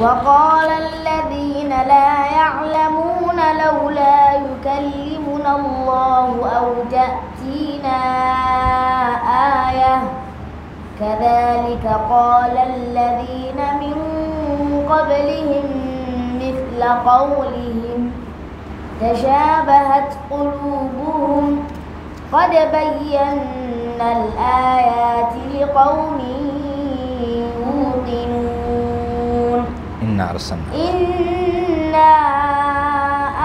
وقال الذين لا يعلمون لولا يكلمنا الله أو تأتينا آية كذلك قال الذين من قبلهم مثل قولهم تشابهت قلوبهم قد بينا الآيات لقومهم إنا أرسلنا إنا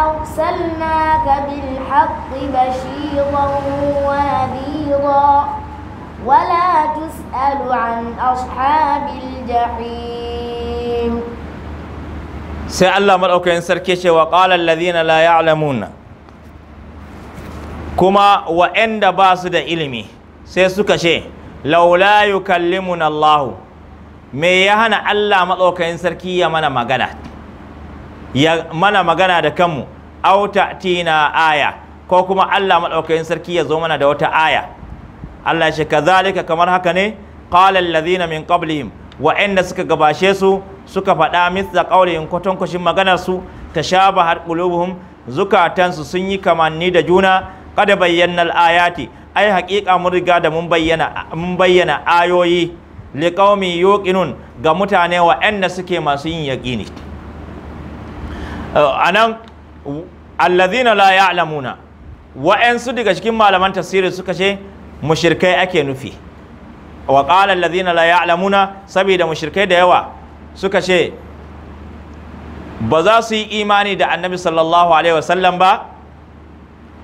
أرسلناك بالحق بشيرا ونذيرا ولا تسأل عن أصحاب الجحيم سي الله مرأوكين سركيشي وقال الذين لا يعلمون كما وإن باسد إلمي سي سكشي لولا يكلمنا الله me ya hana Allah maɗaukakin sarki ya mana magana ya mana magana da kanmu au tina aya ko kuma Allah maɗaukakin sarki ya zo mana da wata aya Allah shi kazalika kamar haka ne qala lazina min qablihim wa'anda suka gabashe su suka faɗa mithla qawlihim kwatankwashin maganar su har qulubuhum zukatansu sun yi kamanni da juna kada bayyana al-ayati ai haƙiƙa mun riga da mun mun bayyana ayoyi liƙaumi yuqinun ga mutane wa'anda suke masu yin yaqini uh, anan alladhina la ya'lamuna wa'ansu daga cikin malaman tasiri suka ce mushirkai ake nufi wa qala alladhina la ya'lamuna saboda mushirkai da yawa suka ce ba za su yi imani da annabi sallallahu alaihi wasallam ba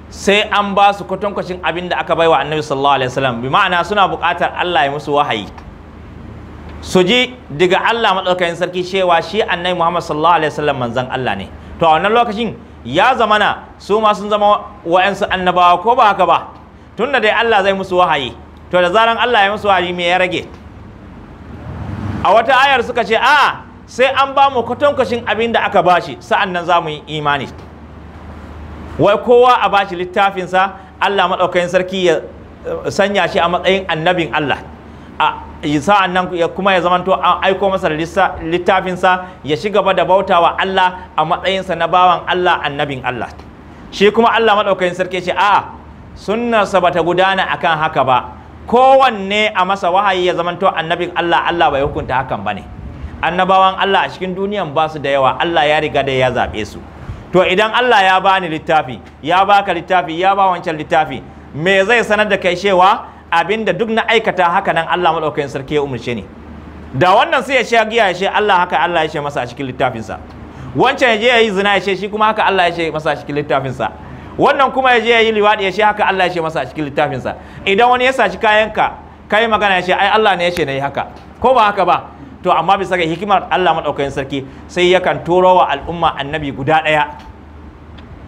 sai an ba su kwatankwacin abin da aka baiwa annabi sallallahu alaihi wasallam bi ma'ana suna buƙatar Allah ya musu wahayi su ji daga Allah maɗaukakin sarki cewa shi annai Muhammad sallallahu alaihi wasallam manzan Allah ne to a wannan lokacin ya zamana su ma sun zama wa'ansu annabawa ko ba haka ba tunda dai Allah zai musu wahayi to da zaran Allah ya musu wahayi me ya rage a wata ayar suka ce a'a sai an ba mu kwatankwashin abin da aka bashi sa'an nan za mu yi imani wai kowa a bashi littafinsa Allah maɗaukakin sarki ya eh, sanya shi a matsayin annabin Allah sa'an nan kuma ya zamanto an aiko masa littafinsa ya shiga gaba da bautawa Allah a matsayinsa na bawan Allah annabin Allah shi kuma Allah maɗaukakin sarki ce a sunnarsa bata gudana akan haka ba kowanne a masa wahayi ya zamanto annabin Allah Allah bai hukunta hakan bane annabawan Allah a cikin duniyan ba su da yawa Allah ya riga da ya zaɓe su to idan Allah ya bani littafi ya baka littafi ya ba wancan littafi me zai sanar da kai cewa abinda duk na aikata haka nan Allah maɗaukakin sarki ya umarce ni da wannan sai ya sha giya ya ce Allah haka Allah ya ce masa a cikin littafinsa wancan ya je ya yi zina ya ce shi kuma haka Allah ya ce masa a cikin littafinsa wannan kuma ya je ya yi liwaɗi ya ce haka Allah ya ce masa a cikin littafinsa idan wani ya saci kayanka ka yi magana ya ce ai Allah ne ya ce na yi haka ko ba haka ba to amma bisa ga hikimar Allah maɗaukakin sarki sai yakan turo wa al'umma annabi guda ɗaya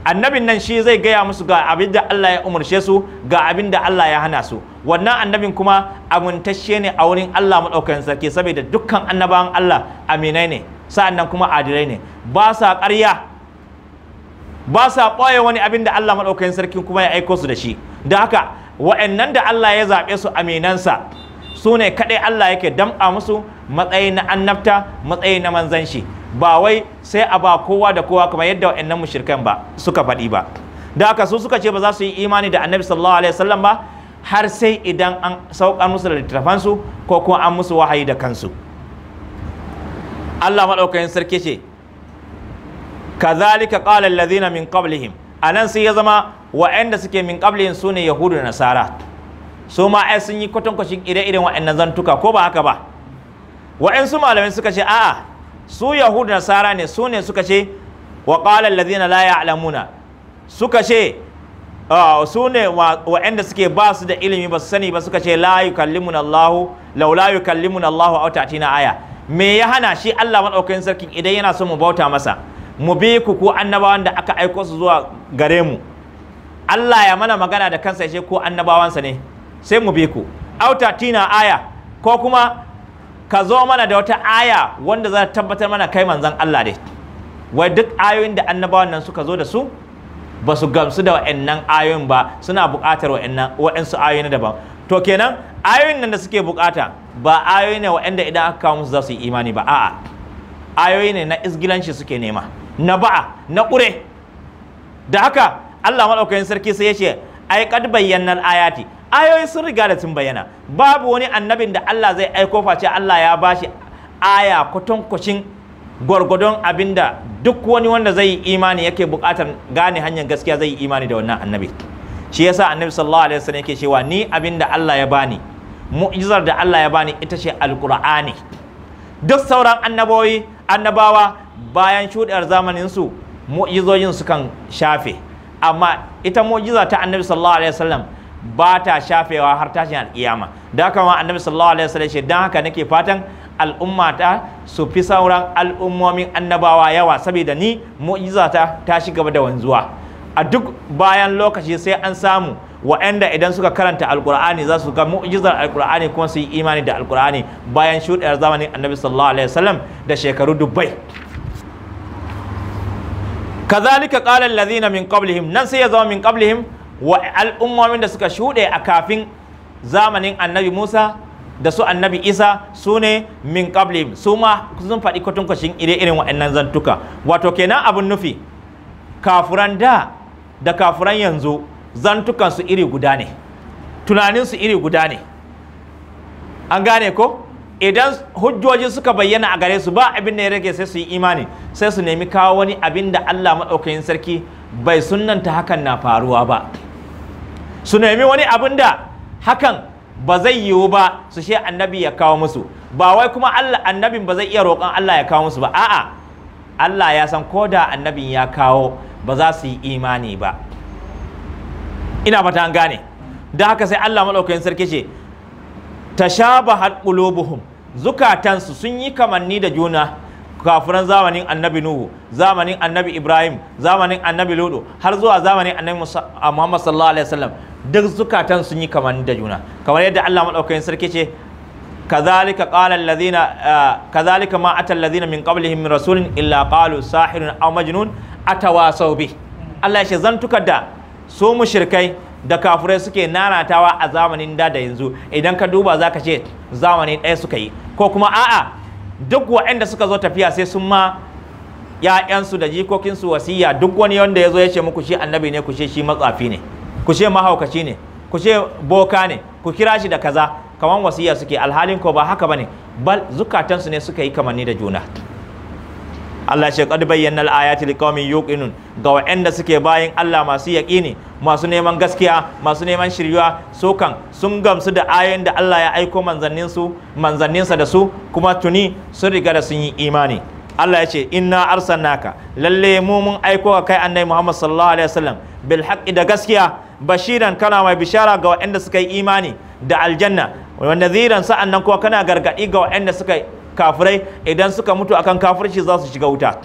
annabin nan shi zai gaya musu ga abin da Allah ya umarce su ga abin da Allah ya hana su wannan annabin kuma amintacce ne a wurin Allah maɗaukakin sarki saboda dukkan annabawan Allah aminai ne sa'annan kuma adilai ne ba sa ƙarya ba sa ɓoye wani abin da Allah maɗaukakin sarki kuma ya aiko su da shi da haka wa'annan da Allah ya zaɓe su aminansa su ne kaɗai Allah yake damƙa musu matsayi na annabta matsayi na shi. ba wai sai a ba kowa da kowa kamar yadda wa'annan mushrikan ba suka faɗi ba da aka su suka ce ba za su yi imani da annabi sallallahu alaihi wasallam ba har sai idan an saukar musu da ko kuma an musu wahayi da kansu Allah maɗaukakin sarki ce kazalika qala allazina min qablihim anan sai ya zama wa'anda suke min qablihim sune yahudu da nasara su ma ai sun yi kwatankwacin ire-iren wa'annan zantuka ko ba haka ba wa'ansu malamai suka ce a'a su yahudu nasara ne su ne suka ce wa ƙalar lazina la ya'lamuna suka ce ah, su ne wa'anda suke ba su da ilimi ba su sani ba suka ce la yukallimuna Allah laula yukallimuna Allah wata aya me ya hana shi Allah madaukakin sarki idan yana so mu bauta masa mu bi ku ko annabawan da aka aiko su zuwa gare mu Allah ya mana magana da kansa ya ce ko annabawansa ne sai mu bi ku aw tina aya ko kuma ka zo mana da wata aya wanda za ta tabbatar mana kai manzan Allah ne wai duk ayoyin da annabawan nan suka zo da su ba su gamsu da wa'annan ayoyin ba suna buƙatar wa'annan wa'ansu ayoyi na daban to kenan ayoyin nan da suke buƙata ba ayoyi ne wa'anda idan aka kawo musu za su yi imani ba a'a ayoyi ne na isgilanci suke nema na ba'a na ƙure da haka Allah maɗaukakin sarki sai ya ce ai kad bayyana ayati ayoyi sun riga da sun bayyana babu wani annabin da Allah zai aiko face Allah ya bashi aya kwatankwacin gwargwadon abinda duk wani wanda zai imani yake bukatar gane hanyar gaskiya zai imani da wannan annabi shi yasa annabi sallallahu alaihi wasallam yake cewa ni abinda Allah ya bani mu'jizar da Allah ya bani ita ce alqur'ani duk sauran annabawi annabawa bayan shuɗiyar zamanin su mu'jizojin sukan shafe amma ita mu'jiza ta annabi sallallahu alaihi wasallam ba ta shafewa har tashin alkiyama da haka ma annabi sallallahu alaihi wasallam shi dan haka nake fatan al'ummata su fi sauran al'ummomin annabawa yawa saboda ni mu'jizata ta shi gaba da wanzuwa a duk bayan lokaci sai an samu wa'anda idan suka karanta alkur'ani za su ga mu'jizar alkur'ani kuma su yi imani da alkur'ani bayan shuɗar zamanin annabi sallallahu alaihi wasallam da shekaru dubbai kazalika qala allazina min qablihim nan sai ya zama min qablihim wa al'ummomin da suka shuɗe a kafin zamanin annabi Musa da su annabi Isa su ne min qablim su ma sun faɗi kwatankwashin ire irin waɗannan zantuka wato kenan abin nufi kafuran da da kafuran yanzu zantukan su iri guda ne tunanin iri guda ne an gane ko idan hujjoji suka bayyana a gare su ba abin da ya rage sai su yi imani sai su nemi kawo wani abin da Allah maɗaukakin sarki bai sunanta hakan na faruwa ba su nemi wani abin da hakan ba zai yiwu ba su she annabi ya kawo musu ba wai kuma Allah annabin ba zai iya roƙon Allah ya kawo musu ba a'a Allah ya san ko da annabin ya kawo ba za su yi imani ba ina fata an gane da haka sai Allah maɗaukakin sarki ce tashabahat qulubuhum zukatansu sun yi kamanni da juna kafiran zamanin annabi nuhu zamanin annabi ibrahim zamanin annabi Ludo, har zuwa zamanin annabi muhammad sallallahu alaihi wasallam duk zukatan sun yi kamar da juna kamar yadda Allah madaukakin sarki ce kazalika قال الذين آه كذلك ما أتى الذين من قبلهم من رسول إلا قالوا ساحر أو مجنون Allah ya الله zan da su mushrikai da kafurai suke nanatawa a zamanin da da yanzu idan ka duba zaka ce zamani ɗaya suka yi ko kuma a'a duk waɗanda suka zo tafiya sai sun ma ya'yansu da jikokinsu wasiya duk wani wanda ya zo ya ce muku shi annabi ne ku ce shi matsafi ne ku ce mahaukaci ne ku ce boka ne ku kira shi da kaza kaman wasiya suke alhalin ko ba haka bane bal zukatansu ne suka yi kamanni da juna Allah shi kad bayyana al-ayati liqaumin yuqinun ga wa'anda suke bayin Allah masu yaqini masu neman gaskiya masu neman shiryuwa so kan sun gamsu da ayoyin da Allah ya aiko manzannin su manzanninsa da su kuma tuni sun riga da sun yi imani Allah ya ce inna arsalnaka lalle mu mun aiko ka kai annabi Muhammad sallallahu alaihi wasallam bil haqqi da gaskiya bashiran kana mai bishara ga waɗanda suka yi imani da aljanna wanda ziran sa'an nan kuma kana gargaɗi ga waɗanda suka kafirai idan suka mutu akan kafirci za su shiga wuta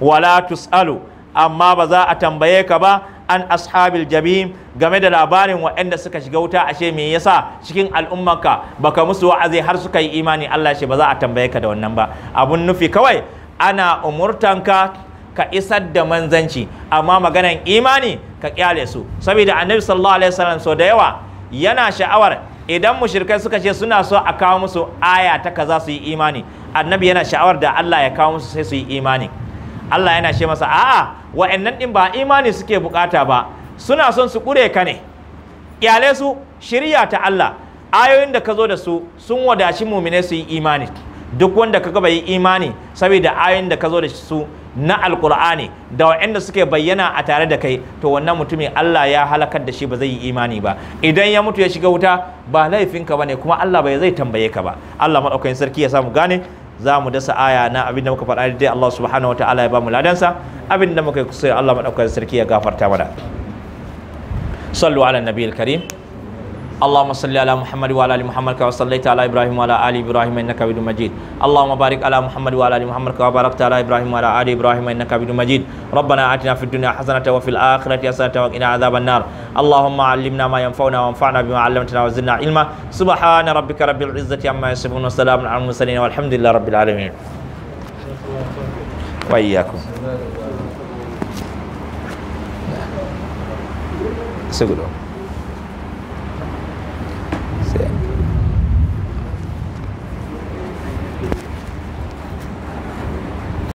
wala tusalu amma ba za a tambaye ka ba an ashabil jabim game da labarin waɗanda suka shiga wuta ashe me yasa cikin al'ummarka baka musu wa'azi har suka yi imani Allah shi ba za a tambaye ka da wannan ba abun nufi kawai ana umurtanka ka isar da manzanci amma maganan imani ka kyale su saboda annabi sallallahu alaihi wasallam so da yawa yana sha'awar idan mushrikai suka ce suna so a kawo musu aya ta kaza su yi imani annabi yana sha'awar da Allah ya kawo musu sai su yi imani Allah yana ce masa a'a wa'annan din ba imani suke bukata ba suna son su kure ka ne kyale su shirya ta Allah ayoyin da ka zo da su sun wadaci muminai su yi imani duk wanda ka gaba yi imani saboda ayoyin da ka zo da su na alkur'ani da wa'anda suke bayyana a tare da kai to wannan mutumin Allah ya halakar da shi ba zai yi imani ba idan ya mutu ya shiga wuta ba laifinka ne kuma Allah bai zai tambaye ka ba Allah madaukakin sarki ya samu gane za mu dasa aya na abin da muka faɗa dai Allah subhanahu wataala ya ba mu ladansa abin da muka yi kusa Allah madaukakin sarki ya gafarta mana sallu ala nabiyil karim اللهم صل على محمد وعلى ال محمد كما صليت على ابراهيم وعلى ال ابراهيم انك حميد مجيد اللهم بارك على محمد وعلى ال محمد كما باركت على ابراهيم وعلى ال ابراهيم انك حميد مجيد ربنا اتنا في الدنيا حسنه وفي الاخره حسنه وقنا عذاب النار اللهم علمنا ما ينفعنا وانفعنا بما علمتنا وزدنا علما سبحان ربك رب العزه عما يصفون وسلام على المرسلين والحمد لله رب العالمين واياكم سجدوا